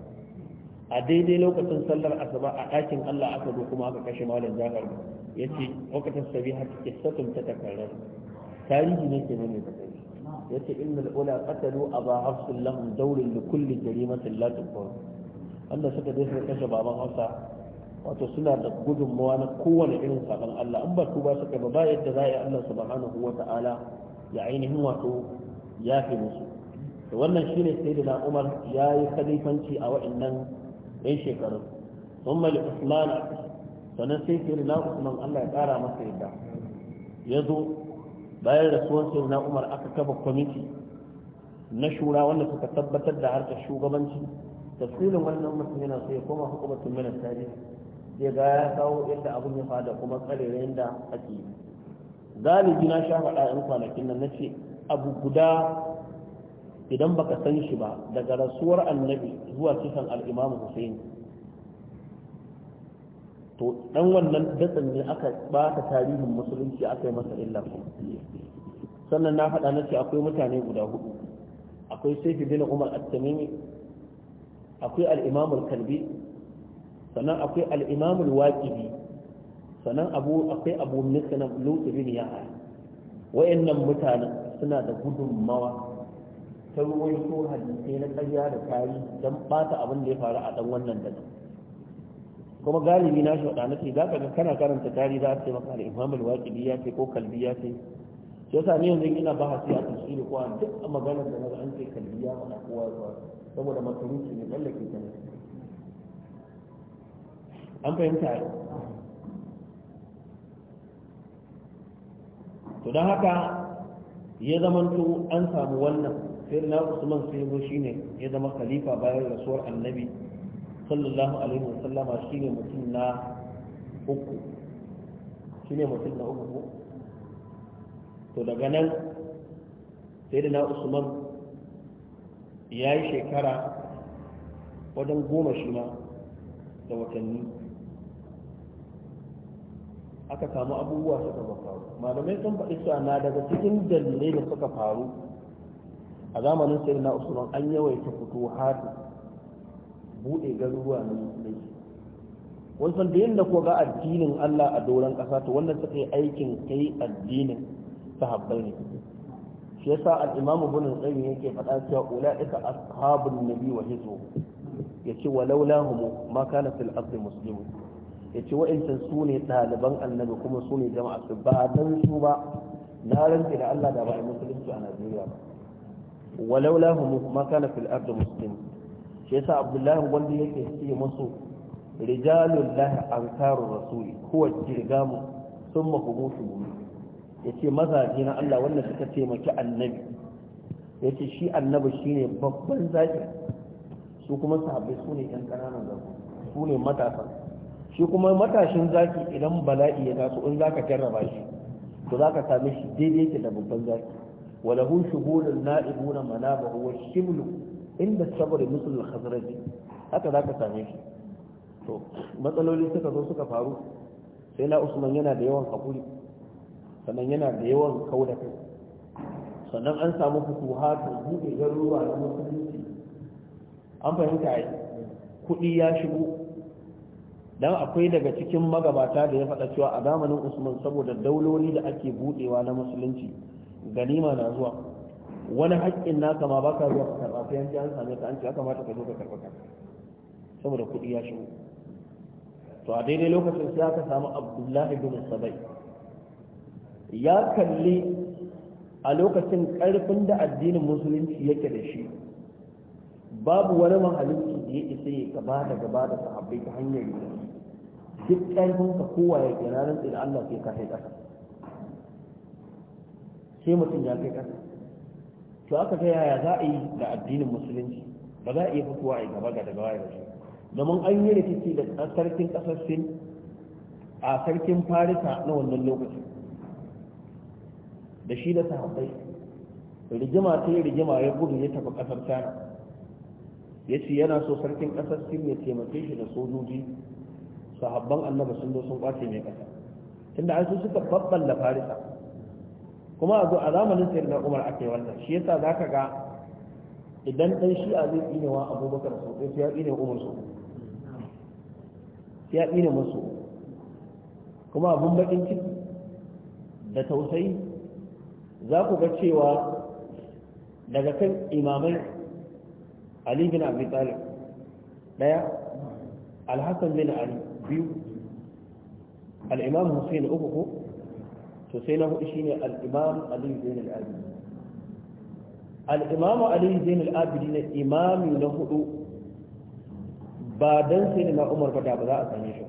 a daidai lokacin sallar asuba a ɗakin allah aka zo kuma aka kashe malam jafar ya ce lokacin sabi har take satun ta takarar tarihi ne ke nuna takarar ya ce inna al'ula qatalu aba hafsun lahum daurin li kulli jarimatin la tukfar wanda suka je suka kashe baban hausa wato suna da gudunmawa na kowane irin sabon allah an ba su ba suka ba ba yadda za a yi allah subhanahu wa ta'ala ya ainihin wato ya fi musu to wannan shine saida Umar ya yi khalifanci a wa'annan ɗan shekaru sun mali Usman sannan sai da Usman Allah ya kara masa yadda ya zo bayan rasuwan sayyidina Umar aka kafa kwamiti na shura wanda suka tabbatar da harkar shugabanci tasirin wannan mutum yana so ya koma hukumatun minas ne sai ga ya kawo yadda abin ya fada kuma tsarere yadda ake yi galibi na sha faɗa yan kwanakin nan na ce abu guda idan baka san shi ba daga rasuwar annabi zuwa kisan al'imamu Hussein to dan wannan datsan ne aka bata tarihin musulunci aka yi masa illa sannan na faɗa na ce akwai mutane guda hudu akwai saifi bin umar at-tamimi akwai al'imamul kalbi sannan akwai al'imamul imamul sannan abu akwai abu misna lut bin yahya nan mutanen suna da gudunmawa ta ruwai ko hadisi na karya da kari don ɓata abin da ya faru a ɗan wannan da kuma galibi na shi waɗanda ce za ka ga kana karanta tari za a ce maka al'imam al-waƙidi ya ce ko kalbi ya ce shi yasa yanzu ina ba hasi a tafsiri ko a duk a maganar da na ga an ce kalbi ya faɗa kowa ya saboda makaruci ne tsallake ta ne an fahimta yau to don haka ya zamanto an samu wannan sai na usman sai zo shine ya zama khalifa bayan rasuwar annabi sallallahu alaihi wasallama shine mutum na uku shine mutum na uku to daga nan sai da na usman ya yi shekara wajen goma shi ma da watanni aka samu abubuwa suka faru malamai sun faɗi cewa na daga cikin dalilai da suka faru a zamanin sai na usman an yawaita fito hatu buɗe garuruwa na musulunci wasan da yadda ko ga addinin Allah a doron ƙasa to wannan suka yi aikin kai addinin sahabbai ne shi yasa al-imam ibn qayyim yake faɗa cewa ulaika ashabun nabi wa hizbu yace walaula ma kana fil ardi muslimun ya ce wa'incan su ne ɗaliban annabi kuma su ne jama'a su ba dan su ba na rantsi da Allah da ba a musulunci a Najeriya ba walau lahum ma kana fil ardi muslim shi yasa Abdullahi wanda yake ce musu rijalul lahi ankaru rasuli huwa jirgamu thumma hubutu yace mazaje na Allah wanda suka taimaki annabi yace shi annabi ne babban zaki su kuma sahabbai su ne yan ƙananan zaki su ne matasa shi kuma matashin zaki idan bala'i ya taso in zaka jarraba shi to zaka same shi daidai da babban zaki hu shughulun na'ibuna manaba huwa shiblu inda sabr misl al-khazraj haka zaka same shi to matsaloli suka zo suka faru sai na usman yana da yawan hakuri sannan yana da yawan kauda kai sannan an samu fituha ta buɗe garuruwa na musulunci an fahimta ai kuɗi ya shigo dan akwai daga cikin magabata da ya faɗa cewa a zamanin usman saboda dauloli da ake budewa na musulunci ganima na zuwa wani haƙƙin naka ma baka zuwa ka karɓa sai an ji an same ka an ce ya kamata ka zo ka karɓa ka saboda kuɗi ya shigo to a daidai lokacin sai aka samu abdullahi bin sabai ya kalli a lokacin ƙarfin da addinin musulunci yake da shi babu wani mahalicci da ya isa ya gaba da gaba da sahabbai ta hanyar yi duk ƙarfin ka kowa ya ke ranar tsira Allah ke ka kai ƙasa sai mutum ya kai ƙasa to aka ta yaya za a yi da addinin musulunci ba za a iya fitowa a gaba ga daga waye ba domin an yi rikici da sarkin ƙasar sin a sarkin farisa na wannan lokacin da shi da sahabbai rigima ta yi rigima ya gudu ya tafi ƙasar china ya ce yana so sarkin ƙasar sin ya taimake shi da sojoji sahabban annaba sun zo sun kwace mai kasa tunda an su suka babballa farisa kuma a zo a zamanin sayar na umar ake wannan shi yasa za ka ga idan ɗan shi a zai tsinewa abubakar sau ɗaya ya tsine umar sau ya tsine masu kuma abun bakin ciki da tausayi za ku ga cewa daga kan imamai ali bin abi talib daya alhassan bin ali biyu al'imam hussein uku ko to sai na hudu shi ne al'imam Aliyu zain al'abidi al'imam Aliyu zain al'abidi na imami na hudu ba don sai na umar ba da ba za a same shi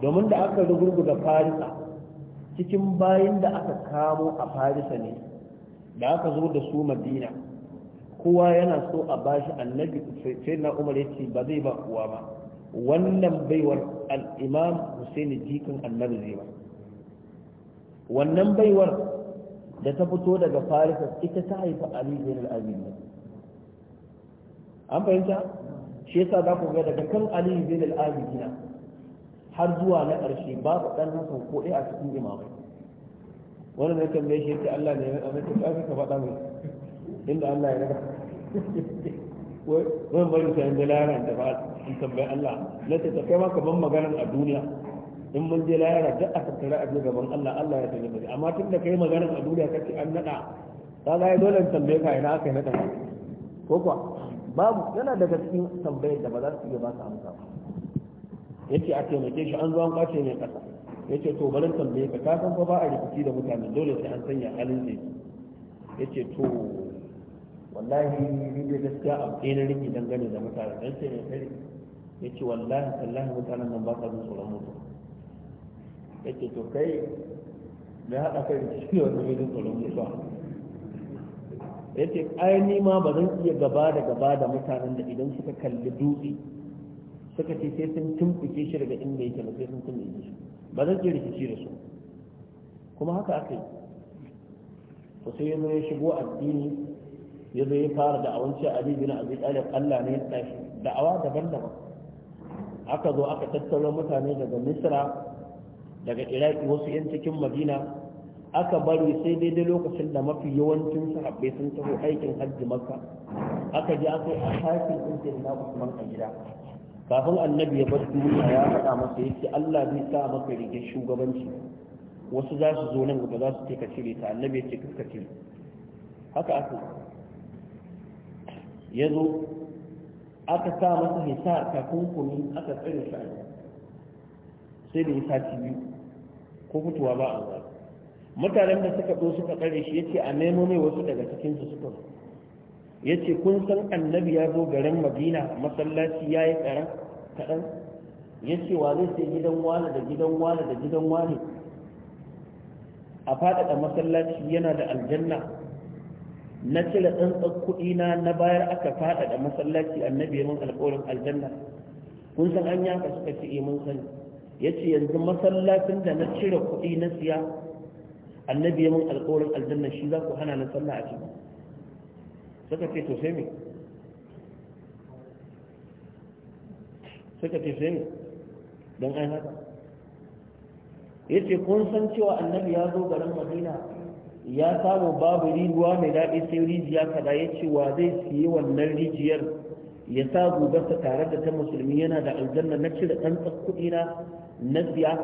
domin da aka da farisa cikin bayan da aka kamo a farisa ne da aka zo da su madina kowa yana so a bashi annabi sai na umar ya ce ba zai ba kuwa ba wannan baiwar al'imam husaini jikin annabi zai ba wannan baiwar da ta fito daga farisa ita ta haifa ali bin al-abidin an fahimta shi yasa za ku ga daga kan ali bin al-abidin har zuwa na ƙarshe babu ɗan hasan ko ɗaya a cikin imamai wannan da kan mai shi yake Allah ne a mai tafi ka faɗa mai inda Allah ya raka wai bari ta da laran da ba in tambayi Allah na ce ta kai ma kaman maganar a duniya in mun je lahira duk aka tattara a gaban Allah Allah ya tafi mai amma tun da kai maganar a duniya kace an nada ka ga dole tambaye ka ina aka yi nada ko kuwa babu yana daga cikin tambayar da ba za su iya ba ka amsa ba yace a taimake shi an zo an kwace mai kasa yace to bari tambaye ka ka san fa ba a rikici da mutane dole sai an sanya halin ne yace to wallahi ni da gaskiya a ɗaya na riki dangane da mutane dan sai ne kai ya ce wallahi tallahi mutanen nan ba ka jin tsoron mutu ya ce to kai mai haɗa kai da cikin ne wanda tsoron mutuwa ya ce ai ma ba zan iya gaba da gaba da mutanen da idan suka kalli dutse suka ce sai sun tumɓuke shi daga inda yake ba sai sun tumɓuke shi ba zan iya rikici da su kuma haka aka yi to sai yanzu ya shigo addini ya zo ya fara da awanci ali bin abi talib Allah ne ya tashi da'awa daban-daban aka zo aka tattaro mutane daga misra daga iraki wasu 'yan cikin madina aka bari sai dai daidai lokacin da mafi yawancin sahabbai sun taho aikin hajji makka aka ji aka a hakin din na usman a gida kafin annabi ya bar duniya ya faɗa masa yake Allah zai sa maka rike shugabanci wasu za su zo nan gaba za su ce ka cire ta annabi ya ce ka cire haka aka ya zo aka sa masa hisar takunkumi aka tsare shi sai da hisar ci biyu ko mutuwa ba a zai mutanen da suka ɗo suka tsere shi yace a nemo ne wasu daga cikinsu suka zo yace kun san annabi ya zo garin madina masallaci ya yi karan kaɗan yace wa zai sai gidan wani da gidan wani da gidan wani a faɗaɗa masallaci yana da aljanna na cire tsantsan kuɗina na bayar aka da masallaci annabi mun alƙawarin aljanna kun san an yanka suka ce eh, mun sani ya ce yanzu masallacin da na cire kuɗi na siya annabi mun alƙawarin aljanna shi za ku hana na sallah a ciki suka ce to sai me suka ce sai me don ai haka ya ce kun san cewa annabi ya zo garin madina ya samu babu rijuwa mai daɗi sai rijiya kada ya ce wa zai siye wannan rijiyar ya sa gugarsa tare da ta musulmi yana da aljanna na cire ɗan kuɗi na na siya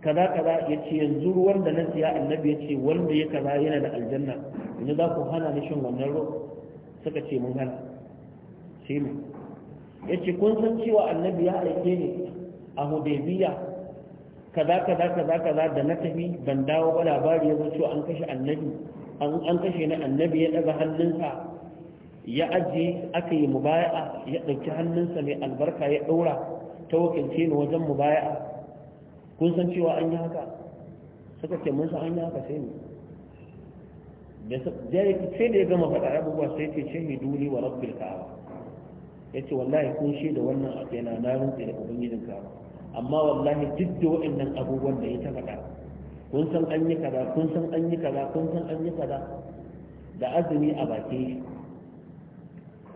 kada ya ce yanzu ruwan da na siya annabi ya ce wanda ya kaza yana da aljanna yanzu za ku hana ni shin wannan ruwan suka ce mun hana sai mu ya ce kun san cewa annabi ya aike ni a hudaybiya kaza kaza kaza kaza da na tafi ban dawo ba labari ya zo an kashe annabi an kashe na annabi ya daga hannunsa ya aje aka yi mubaya'a ya ɗauki hannunsa mai albarka ya ɗaura ta wakilce ni wajen mubaya'a kun san cewa an yi haka suka ce mun san an yi haka sai ne sai da ya gama faɗa abubuwa sai ce ce ni duli wa rabbil ka'aba ya wallahi kun shi da wannan a kaina na rantsi da ubangijin ka'aba amma wallahi duk da waɗannan abubuwan da ya ta faɗa kun san an yi kaza kun san an yi kaza kun san an yi kaza da azumi a bakin shi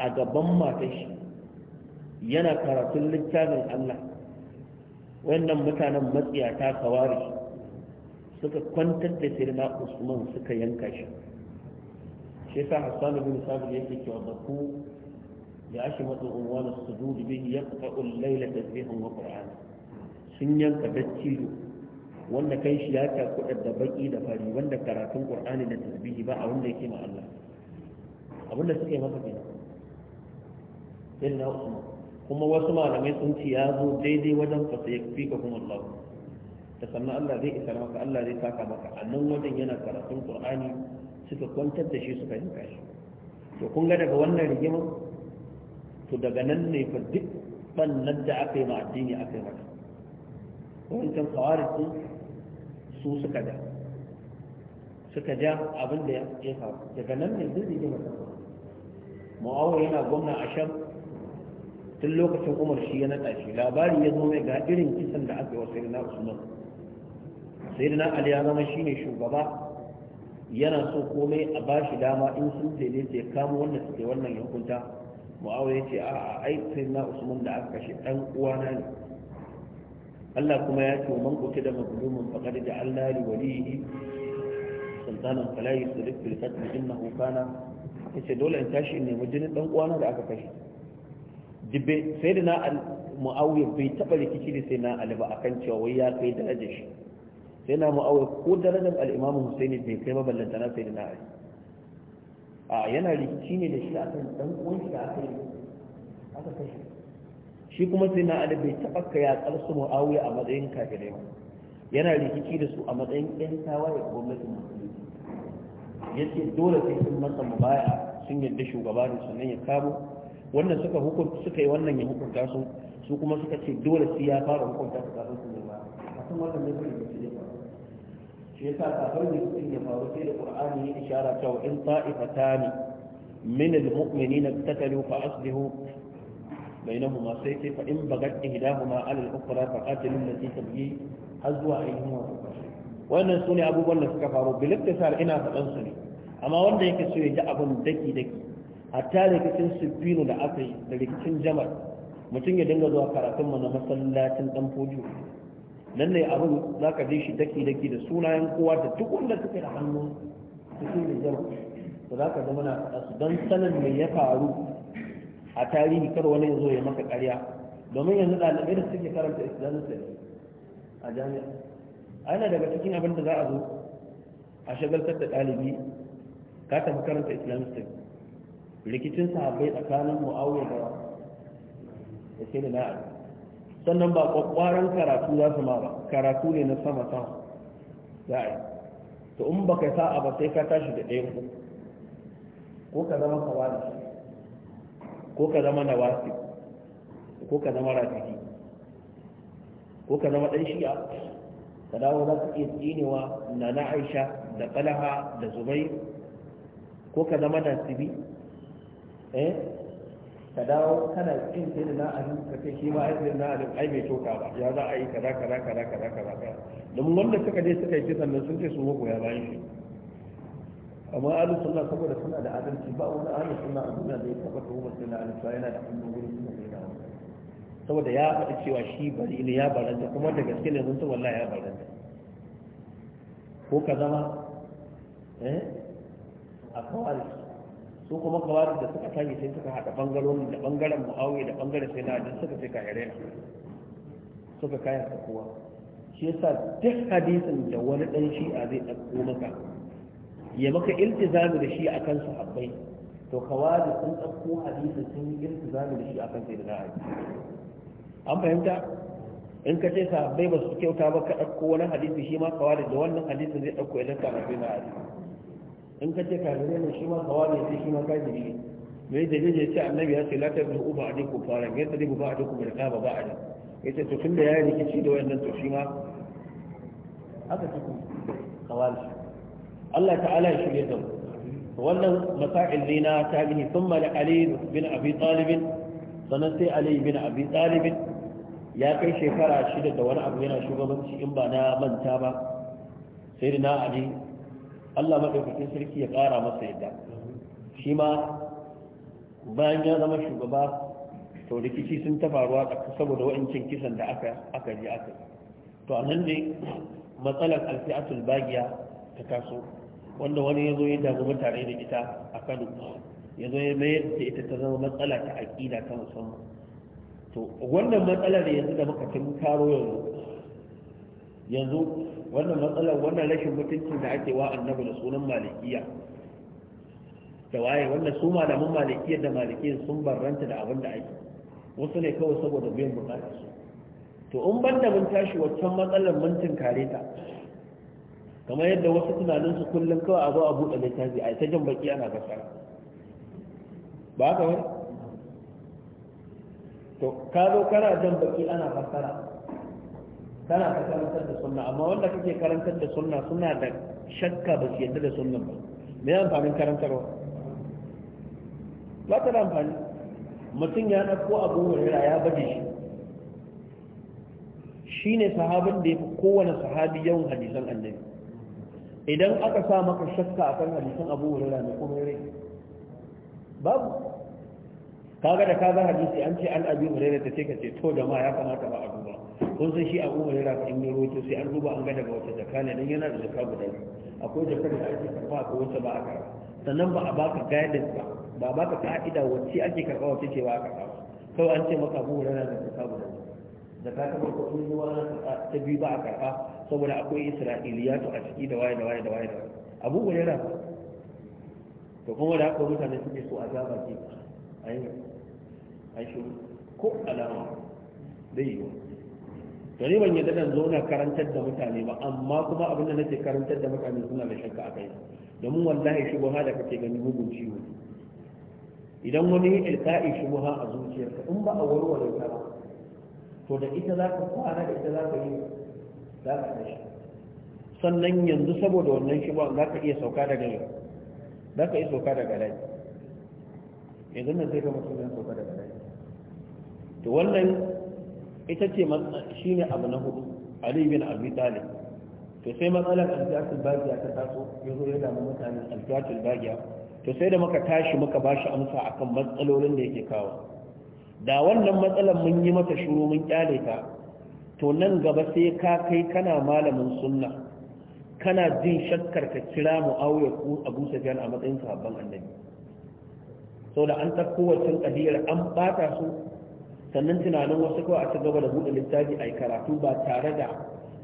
a gaban matan shi yana karatun littafin Allah wannan mutanen matsiyata kawari suka kwantar da sirna usman suka yanka shi shi sa hassan bin sabir yake cewa baku ya ashi matsa unwanin sujudi bihi yaqta'u Laila da zai hanwa qur'ana sun yanka dattijo wanda kai shi ya ta da baki da fari wanda karatun qur'ani da tasbihi ba a wanda yake ma Allah abin da suke masa kenan sai na usman kuma wasu malamai sun ce ya zo daidai wajen fasa yakfika kuma Allah ta sannan Allah zai isa maka Allah zai saka maka a nan wajen yana karatun qur'ani suka kwantar da shi suka yi shi to kun ga daga wannan rigimar to daga nan ne fa duk bannan da aka yi ma addini aka yi mata wancan su suka da suka ja abin da ya faru daga nan ne zai zai masa yana gwamna a sham tun lokacin umar shi ya naɗa shi labari ya zo mai ga irin kisan da aka yi wa sayyidina usman sayyidina ali ya zama shi ne shugaba yana so komai a ba shi dama in sun tele sai kamo wanda suke wannan yankunta mu'awo ya ce a'a ai sayyidina usman da aka kashe dan uwana ne Allah kuma ya ce man kuke da mazlumin faqad ja'alna li walihi sultanan fala yusrif fil qatl innahu kana yace dole in tashi in nemi jinin dan uwana da aka kashe dibbe sai da na muawiya bai taba rikici da sai na ali ba akan cewa wai ya kai daraja shi sai na muawiya ko darajar al-imam husaini bai kai ba ballanta na sai da na ali a yana rikici ne da shi akan dan uwan shi da aka yi aka kashe shi kuma sai na ali bai taɓa ka yaƙar su mu'awiya a matsayin kafirai ba yana rikici da su a matsayin ƴan tawaye a gwamnatin musulunci ya ce dole sai sun masa mubaya sun yadda shugaba da sannan ya kamo wannan suka hukunta suka yi wannan ya hukunta su su kuma suka ce dole sai ya fara hukunta su kafin su ne ba a kan wannan ne bai shi ya faru shi yasa kafin rikicin ya faru sai da qur'ani ya ishara cewa in ta'ifatani min al-mu'minina iktatalu fa aslihu bainahuma sai sai fa in bagat ihdahuma ala al-ukhra fa qatil allati tabghi azwa ayyuhuma wannan sune abubuwan da suka faru bil iktisar ina fadan su ne amma wanda yake so ya ji abin daki daki hatta rikicin sufino da aka da rikicin jamal mutum ya dinga zuwa karatun mu na masallacin dan fojo nan ne abin za ka ji shi daki daki da sunayen kowa duk wanda da hannu za ka zama na faɗa don sanin me ya faru a tarihi kar wani ya zo ya maka ƙarya domin yanzu ɗalibai da suke karanta islamic a jami'a ana daga cikin abin da za a zo a shagaltar da ɗalibi ka tafi karanta islamic Rikicin rikicin sahabbai tsakanin mu'awiyar da ya ce da na'ar sannan ba kwakwaran karatu za su ma ba karatu ne na sama sama za a yi to in baka sa'a ba sai ka tashi da ɗayan ku ko ka zama kawai ko ka zama na wasi ko ka zama rafiki ko ka zama dan shi'a ka dawo za ka iya tsinewa na na aisha da falaha da zubai ko ka zama na sibi eh ka dawo kana cin sai da na'ari ka ce shi ma aikin na'ari ai mai toka ba ya za a yi kaza kaza kaza kaza kaza domin wanda suka je suka yi kisan nan sun ce su ya bayan shi amma ahli sunna saboda suna da adalci ba wani ahli sunna a duniya da ya taba tuhumar sai na alifa yana da hannun wurin suna sai saboda ya faɗi cewa shi bari ne ya baranta kuma da gaske ne mun ta wallahi ya baranta ko ka zama eh a kawai su kuma kawai da suka tashi sai suka haɗa bangarorin da bangaren muawiya da bangaren sai na da suka sai ka yare suka kayan kowa shi yasa duk hadisin da wani dan shi'a zai ɗauko maka ya maka iltizami da shi akan sahabbai to kawai sun ɗauko hadisi sun yi iltizami da shi akan sai da an fahimta in ka ce sahabbai ba su kyauta ba ka ɗauko wani hadisi shi ma kawai da wannan hadisi zai ɗauko idan ka na sai na in ka ce kafirai ne shi ma kawai da shi ma kafiri ne mai dalil ya ce annabi ya ce la ta zuhu ba adiku fara ya ta dubu ba adiku bil qaba ba ba a adiku yace to tunda yayi rikici da wayannan to shi ma aka tuku kawali Allah ta'ala ya shirye da wannan masail ne na tabihi thumma da Ali bin Abi Talib sannan sai Ali bin Abi Talib ya kai shekara shida da wani abu yana shugabanci in ba na manta ba sai na Ali Allah madaukakin sarki ya kara masa yadda shi ma bayan ya zama shugaba to rikici sun ta faruwa saboda wa'incin kisan da aka aka ji aka to nan ne matsalar alfi'atul bagiya ta taso wanda wani ya zo ya damu mutane da ita a kano ya zo ya mayar da ita ta zama matsala ta aƙida ta musamman to wannan matsalar yanzu da muka karo yanzu yanzu wannan matsalar wannan rashin mutuncin da ake wa annabi da sunan malikiya da waye wannan su malamin malikiya da malikiyan sun barranta da abin da ake wasu ne kawai saboda biyan bukatar su to in banda mun tashi waccan matsalar mun tinkare ta kamar yadda wasu tunanin su kullum kawai abu a da littafi a ta jan baki ana gasa ba ka wani to ka zo kana jan baki ana fassara kana ka karantar da sunna amma wanda kake karantar da sunna suna da shakka ba su yadda da sunna ba me amfanin karantarwa ba ta da amfani mutum ya ɗauko abu hurera ya baje shi shi ne sahabin da ya fi kowane sahabi yawan hadisan annabi idan aka sa maka shakka akan hadisan abu hurara da kuma rai babu kaga da kaga hadisi an ce an abi hurara ta ce ka ce to ma ya kamata ba a duba kun san shi abu hurara in yi roto sai an duba an ga daga wata jaka ne dan yana da zakka guda biyu akwai zakka da ake karba akwai wacce ba a karba sannan ba a baka guidance ba ba baka ka'ida wacce ake karba wacce ce ba a karba kawai an ce maka abu hurara da zakka guda biyu zaka ta farko in ruwa na ta biyu ba a karɓa saboda akwai isra'iliyatu a ciki da waye da waye da waye da waye abu yana to kuma da haka mutane suke so a ja baki a yi a shi ko alama dai yiwu to ne ban yadda dan zauna karantar da mutane ba amma kuma abin da nake karantar da mutane suna da shakka a kai domin wallahi shubuha da kake gani mugun ciwo idan wani ilka'i ha a zuciyarka in ba a warware ta ba to da ita za ka kwana da ita za ka yi za ka tashi sannan yanzu saboda wannan shi ba za ka iya sauka daga yau za ka iya sauka daga rai yanzu nan zai ga mutum zai sauka daga rai to wannan ita ce shine abu na hudu ali bin abi talib to sai matsalar alfiyatul bagiya ta taso ya zo ya damu mutanen alfiyatul bagiya to sai da muka tashi muka bashi amsa akan matsalolin da yake kawo da wannan matsalar mun yi mata shuru mun kyale ta to nan gaba sai ka kai kana malamin sunna kana jin shakkar ka kira auya ko abu sufyan a matsayin sahabban annabi da an tafi kowace kadiyar an bata su sannan tunanin wasu kawai a ta gaba da buɗe littafi a karatu ba tare da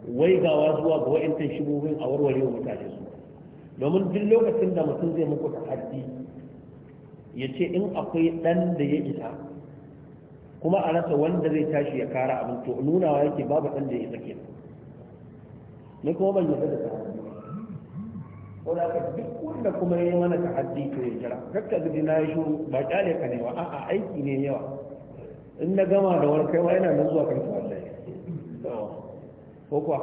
waigawa zuwa ga wa'intan shigohin a warware wa mutane su domin duk lokacin da mutum zai muku ta haddi ya ce in akwai ɗan da ya isa kuma a rasa wanda zai tashi ya kara abin to nunawa yake babu ɗan da ya sake ni kuma ban yarda da tahaddi ko da ka duk wanda kuma ya yi mana haddi to ya jira kakka gidi na yi shuru ba kyale ka ne ba a'a aiki ne yawa in na gama da wani kaiwa yana nan zuwa kan wallahi ko kuwa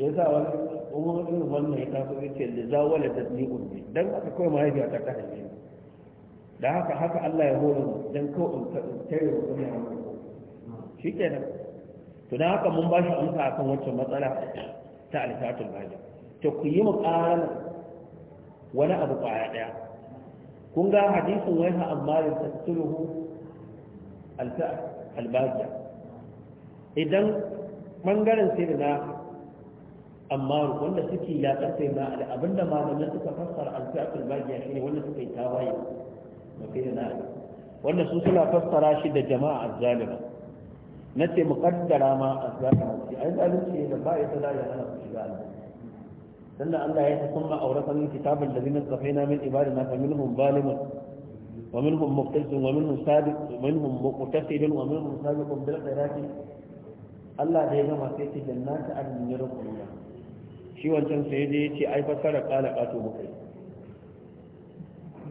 ya sa wani umar irin wannan ya taso yake da zawala da ni ne, dan aka kawai mahaifiya ta ta hanyar da haka haka Allah ya hore mu dan ko in tare wa kuma ya mu shikenan to dan haka mun bashi amsa akan wancan matsala ta alfatul bali to ku yi muqarana wani abu kwaya daya kun ga hadisin wai ha amma da tattuluhu albaziya idan bangaren sai na amma wanda suke ya sai na abinda malamin suka fassara alfatul bali shine wanda suka yi tawaye kai na wanda su suna fassara shi da jama'a azzalima na ce muqaddara ma azzalima ce ai zalunci da ba ya tsada da ana shiga sannan Allah ya ce kuma auratan kitabul ladina safaina min ibadina fa minhum zalimun wa minhum muqtasidun wa minhum sabiq wa minhum muqtasidun wa minhum sabiqun bil khairati Allah da ya gama sai ce jannatu adnin yarqullah shi wancan sai ya ce ai fa fassara qala qatu mukai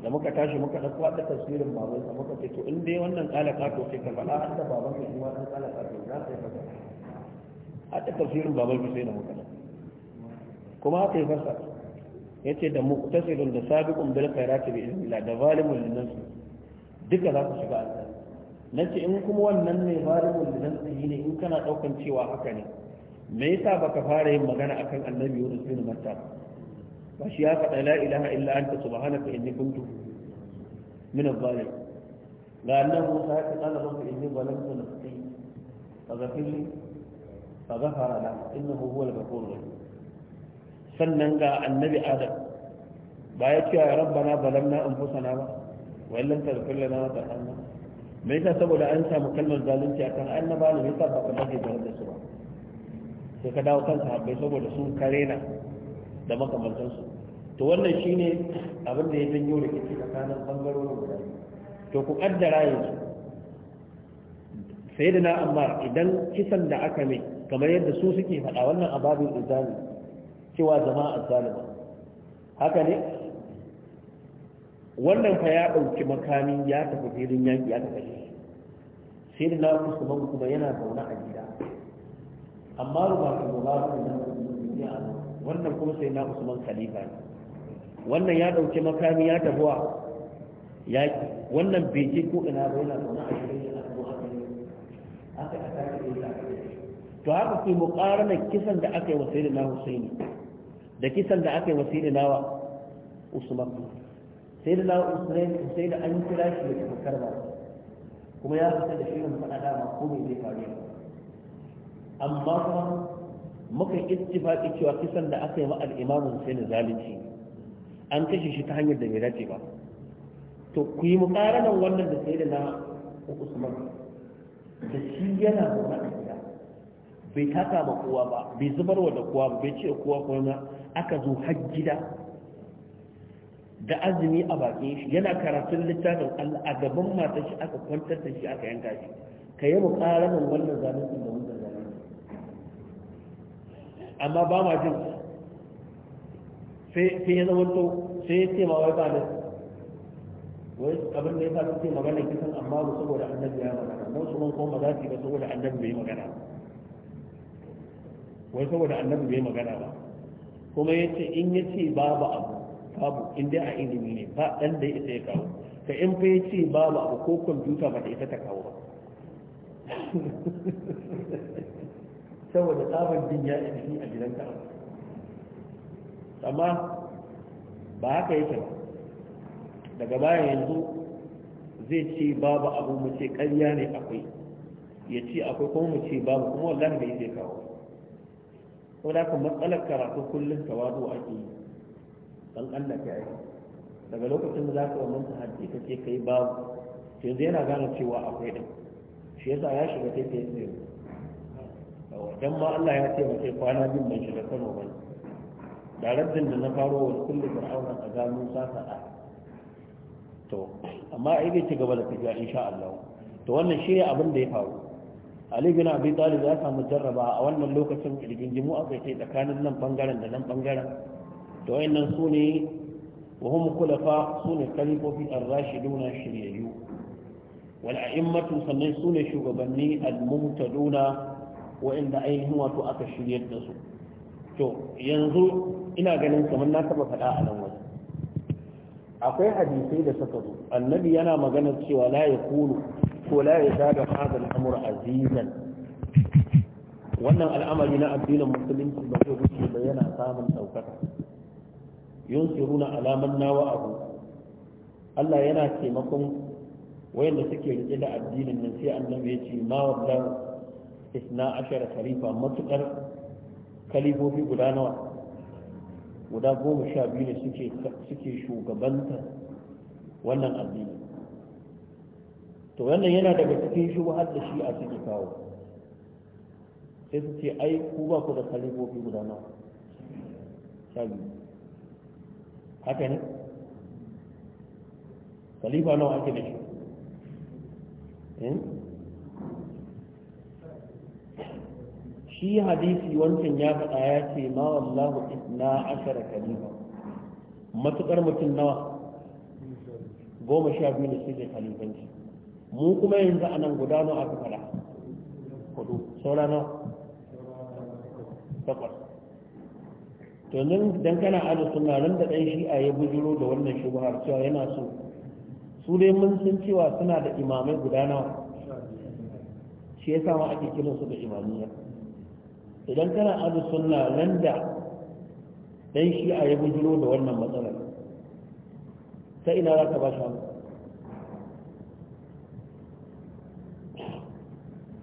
da muka tashi muka ɗauko da tasirin baban sa muka ce to in dai wannan kala kato sai ka faɗa har da baban ka shi ma dan kala kato za ka yi fasa. har da tasirin baban sai da muka ɗauko kuma haka yi fasa ya ce da muktasirun da sabiqun bil khairati bi idnillah da zalimun lin nafsi duka za ku shiga aljanna ce in kuma wannan ne zalimun lin nafsi ne in kana ɗaukan cewa haka ne me yasa baka fara yin magana akan annabi Yunus bin Matta ba shi ya faɗa la ilaha illa anta subhanaka inni kuntu min adh-dhalimin ga annabi Musa ya kana masa inni zalamtu nafsi fa ghafir fa ghafara la innahu huwal ghafurur rahim sannan ga annabi Adam ba ya ce ya rabbana zalamna anfusana ba wa illam taghfir lana wa tarhamna me yasa saboda an samu kalmar zalunci akan annaba ne yasa ba ka dace da su ba sai ka dawo kan sahabbai saboda sun karena da makamantansu to wannan shi abin da ya janyo da rikici tsakanin bangarorin guda to ku kaddara yanzu sai da na amma idan kisan da aka mai kamar yadda su suke faɗa wannan ababin izali cewa zama a zalima haka ne wannan fa ya ɗauki makami ya tafi filin yaƙi ya tafi shi sai da na kusurman kuma yana zaune a gida amma ruwa na gaba da nan ne a wannan kuma sai na usman khalifa ne wannan ya dauke makami ya tabuwa yaki wannan bai ko ina ba yana zaune a cikin yana zuwa aka aka to haka ke muqarana kisan da aka yi wa sayyidina husaini da kisan da aka yi wa sayyidina usman sayyidina usman sai da an kira shi da karba kuma ya fita da shirin faɗa dama ko mai zai faru amma kuma muka yi ittifaqi cewa kisan da aka yi wa al-Imam Hussein zalunci an kashe shi ta hanyar da bai dace ba to ku yi mukaranan wannan da sai da na Usman da shi yana zama a gida bai taka ba kowa ba bai zubarwa da kowa ba bai ce kowa kuma aka zo har gida da azumi a bakin shi yana karatun littafin Allah a gaban matar shi aka kwantar da shi aka yanka shi ka yi muƙaramin wannan zalunci da amma ba ma jin sai ya zama to sai ya ce ma wai ba da wai abin da ya sa suke magana kisan amma ba saboda annabi ya magana mun su mun koma za su yi ba saboda annabi bai magana wai saboda annabi bai magana ba kuma ya ce in ya ce babu abu babu in dai a ilimi ne ba dan da ita ya kawo ka in fa ya ce babu abu ko kwamfuta ba da ita ta kawo ba saboda tsabar jin ya yi a gidan ka amma ba haka yake ba daga baya yanzu zai ce babu abu mu ce ƙarya ne akwai ya ce akwai kuma mu ce babu kuma wallahi bai zai kawo ko da kuma matsalar karatu kullum tawadu ake yi ɗan Allah ta yi daga lokacin da ka wannan tahaddi kake kai babu yanzu yana gane cewa akwai ɗin shi yasa ya shiga ta yi kawai dan ma Allah ya ce mace kwana bin ban shiga Kano ba da raddin da na faro wa kulli fir'auna a ga Musa sada to amma ai zai ci gaba da tafiya insha Allah to wannan shi ne abin da ya faru Ali bin Abi Talib ya samu jarraba a wannan lokacin jimu a kai tsakanin nan bangaren da nan bangaren to wayannan su ne وهم خلفاء سنة خليفة الراشدون الشريعيون والأئمة سنة shugabanni al-mumtaduna wa'inda ainihin wato aka shiryar da su to yanzu ina ganin kamar na taɓa faɗa a nan wasu akwai hadisai da suka zo annabi yana maganar cewa la ya kulu ko la ya zaga hadal amur azizan wannan al'amari na addinin musulunci ba zai wuce ba yana samun ɗaukaka yunsiruna alaman nawa abu Allah yana taimakon wayanda suke rike da addinin nan sai annabi ya ce ma wallahu isna ashara khalifa matukar kalifofi guda nawa guda goma sha biyu ne suke shugabanta wannan addini to wannan yana daga cikin shubuhar da shi a suke kawo sai su ce ai ku ba ku da kalifofi guda nawa sha biyu haka ne kalifa nawa ake da shi eh? shi hadisi wancan ya faɗa ya ce ma wallahu isna ashara kalima matuƙar mutum nawa goma sha biyu ne su ne kalifanci mu kuma yanzu a nan guda nawa aka faɗa hudu saura nawa takwas to nan dan kana aje suna nan da ɗan shi'a ya bujuro da wannan shubhar cewa yana so su dai mun san cewa suna da imamai guda nawa shi yasa ma ake kiran su da imaniya idan kana abu sunna nan da dan shi a yi bujiro da wannan matsalar ta ina za ka ba shi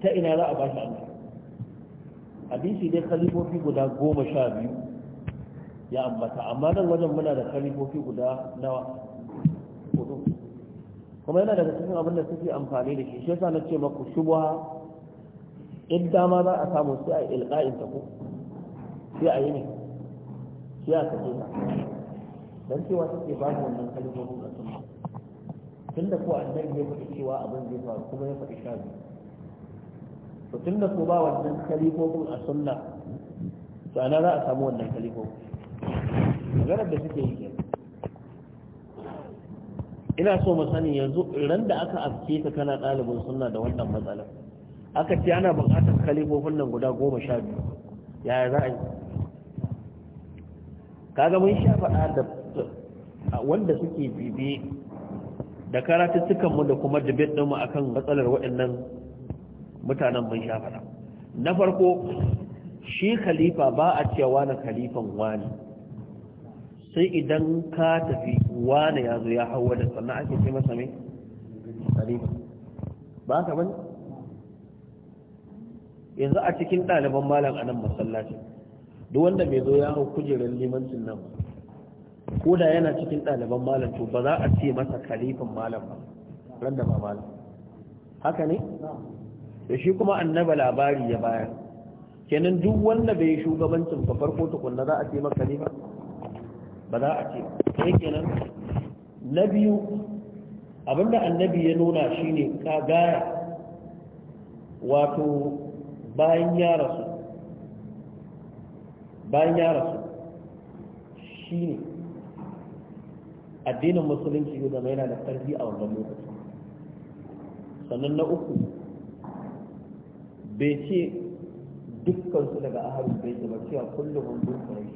ta ina za a ba shi amsa hadisi dai kalifofi guda goma sha biyu ya ambata amma nan wajen muna da kalifofi guda nawa kuma yana daga cikin abin da suke amfani da shi shi yasa na ce maku shubha in dama za a samu sai a ilka'in ta ko sai a yi ne sai a kaje ta dan cewa take ba mu wannan kalmomin a sunna da ko annabi ya faɗi cewa abin zai faru kuma ya faɗi sha to tun da ko ba wannan kalmomin a sunna to ana za a samu wannan kalmomin maganar da suke yi ke ina so mu sani yanzu ran da aka afke ka kana ɗalibin sunna da wannan matsalar aka ce ana bukatar kalifofin nan guda goma sha biyu yaya za a yi kaga mun sha faɗa da wanda suke bibi da mu da kuma debate ɗinmu kan matsalar waɗannan mutanen mun sha faɗa na farko shi khalifa ba a cewa na khalifan wani sai idan ka tafi wani ya zo ya hau wadda sannan ake ce masa mai khalifa ba ka bane yanzu a cikin ɗaliban malam a nan masallacin duk wanda mai zo ya hau kujerar limancin nan ko da yana cikin ɗaliban malam to ba za a ce masa kalifin malam ba ran da ba malam haka ne da shi kuma annaba labari ya bayar kenan duk wanda bai shugabancin ba farko tukunna za a ce maka kalifa ba za a ce sai kenan na biyu abinda annabi ya nuna shine kagaya wato bayan ya rasu bayan ya rasu shi ne addinin musulunci yau zama yana da ƙarfi a wanda lokaci sannan na uku bai ce dukkansu daga ahalu bai ce ba cewa kullum wani dukkan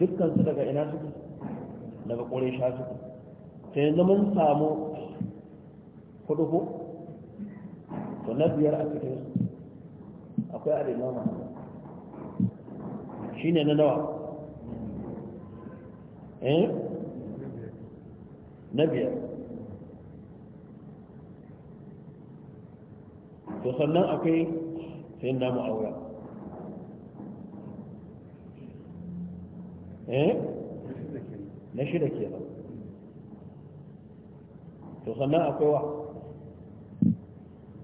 dukkansu daga ina suke daga ƙure sha suke ta yanzu mun samu kudu ko to na biyar a cikin su akwai al'imama shi ne na nawa eh na biyar to sannan akwai sai na mu'aura eh na shida ba to sannan akwai wa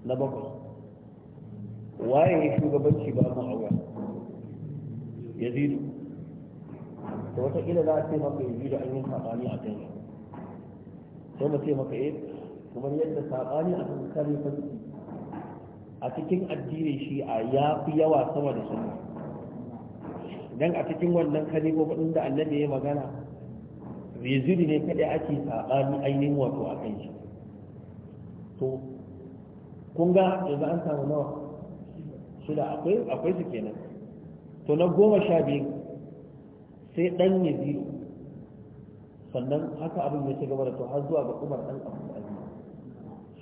na bakwai waye ya shugabanci ba mu aure? yazidu da watakila za a ce maka yazidu an yi saɓani a kai sai mu ce maka eh kuma yadda saɓani a kan kare fasiki a cikin addini shi a ya fi yawa sama da sunna dan a cikin wannan kalibobin da annabi ya magana yazidu ne kada ake sabani ainihin wato a kan shi to kun ga yanzu an samu nawa shida akwai akwai su kenan to na goma sha biyu sai dan yazi sannan haka abin ya ci gaba da to har zuwa ga umar dan abu aziz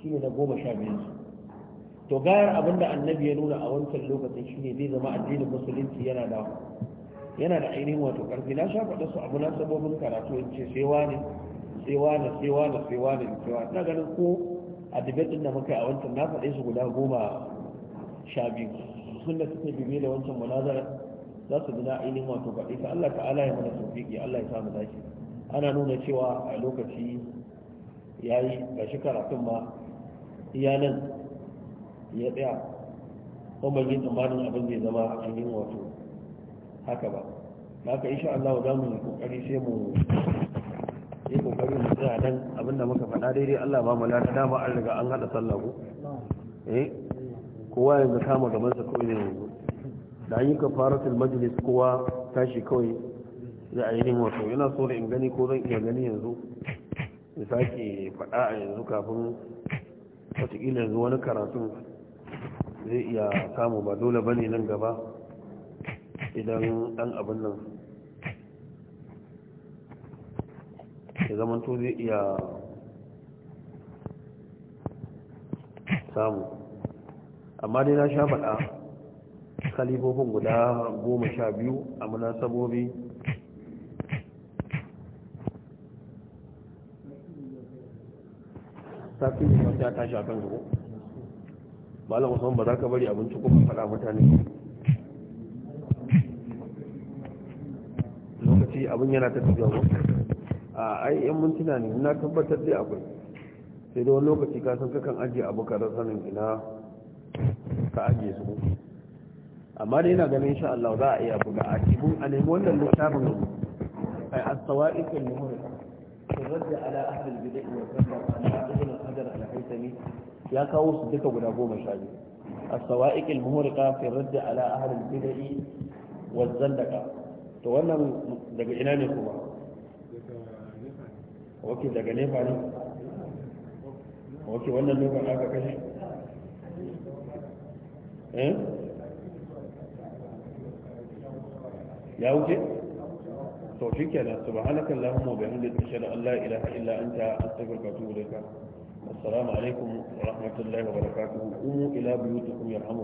shine na goma sha biyu to gayar abin da annabi ya nuna a wancan lokacin shine zai zama addinin musulunci yana da yana da ainihin wato karfi na sha faɗa su abu na sabobin karatu in ce sai wani sai wani sai wani sai wani sai wani na ganin ko a debate ɗin da muka yi a wancan na faɗe su guda goma sha biyu sunna da suke bibe da wancan munazara za su gina ainihin wato baɗi ta Allah ta'ala ya mana tawfiqi Allah ya samu dace ana nuna cewa a lokaci yayi yi ga shi karatun ma iya nan ya tsaya kuma yin tsammanin abin zai zama ainihin wato haka ba haka insha Allah za mu yi kokari sai mu yi kokari mu tsaya nan abinda muka faɗa daidai Allah ba mu lada dama an riga an haɗa sallah ko eh kowa yanzu kama gabansa kawai ne yanzu da an yi kafaratul majlis kowa tashi kawai da a yi wato yana so da in gani ko zan iya gani yanzu in sake faɗa a yanzu kafin wataƙila yanzu wani karatu zai iya samu ba dole ba ne nan gaba idan ɗan abin nan ya zamanto zai iya samu amma dai na sha faɗa kalibobin guda goma sha biyu a munasabobi tafi ne wata ta sha kan ba malam musamman ba za ka bari abinci kuma faɗa mutane lokaci abin yana ta tafiya ba a ai yan mintuna ne na tabbatar da abin sai da wani lokaci kasan kakan ajiye abu karar sanin ina ka ajiye su amma dai yana ganin sha Allah za a iya buga a cikin a nemi wannan littafin ai as-sawa'iq al-muhrim ala ahli al-bid'ah wa sabr ala ibn al-hajar al-haytami ya kawo su duka guda goma sha biyu as-sawa'iq al fi radd ala ahli al-bid'ah wa zandaka to wannan daga ina ne kuma ok daga nefa ne ok wannan nefa aka kashe Eh? ya wuce to shi kenan subhanaka allahumma bai bihamdika ashhadu an la ilaha illa an anta astaghfiruka wa atubu ilaik assalamu alaikum wa rahmatullahi wa barakatuh umu ila biyu buyutikum yarhamukum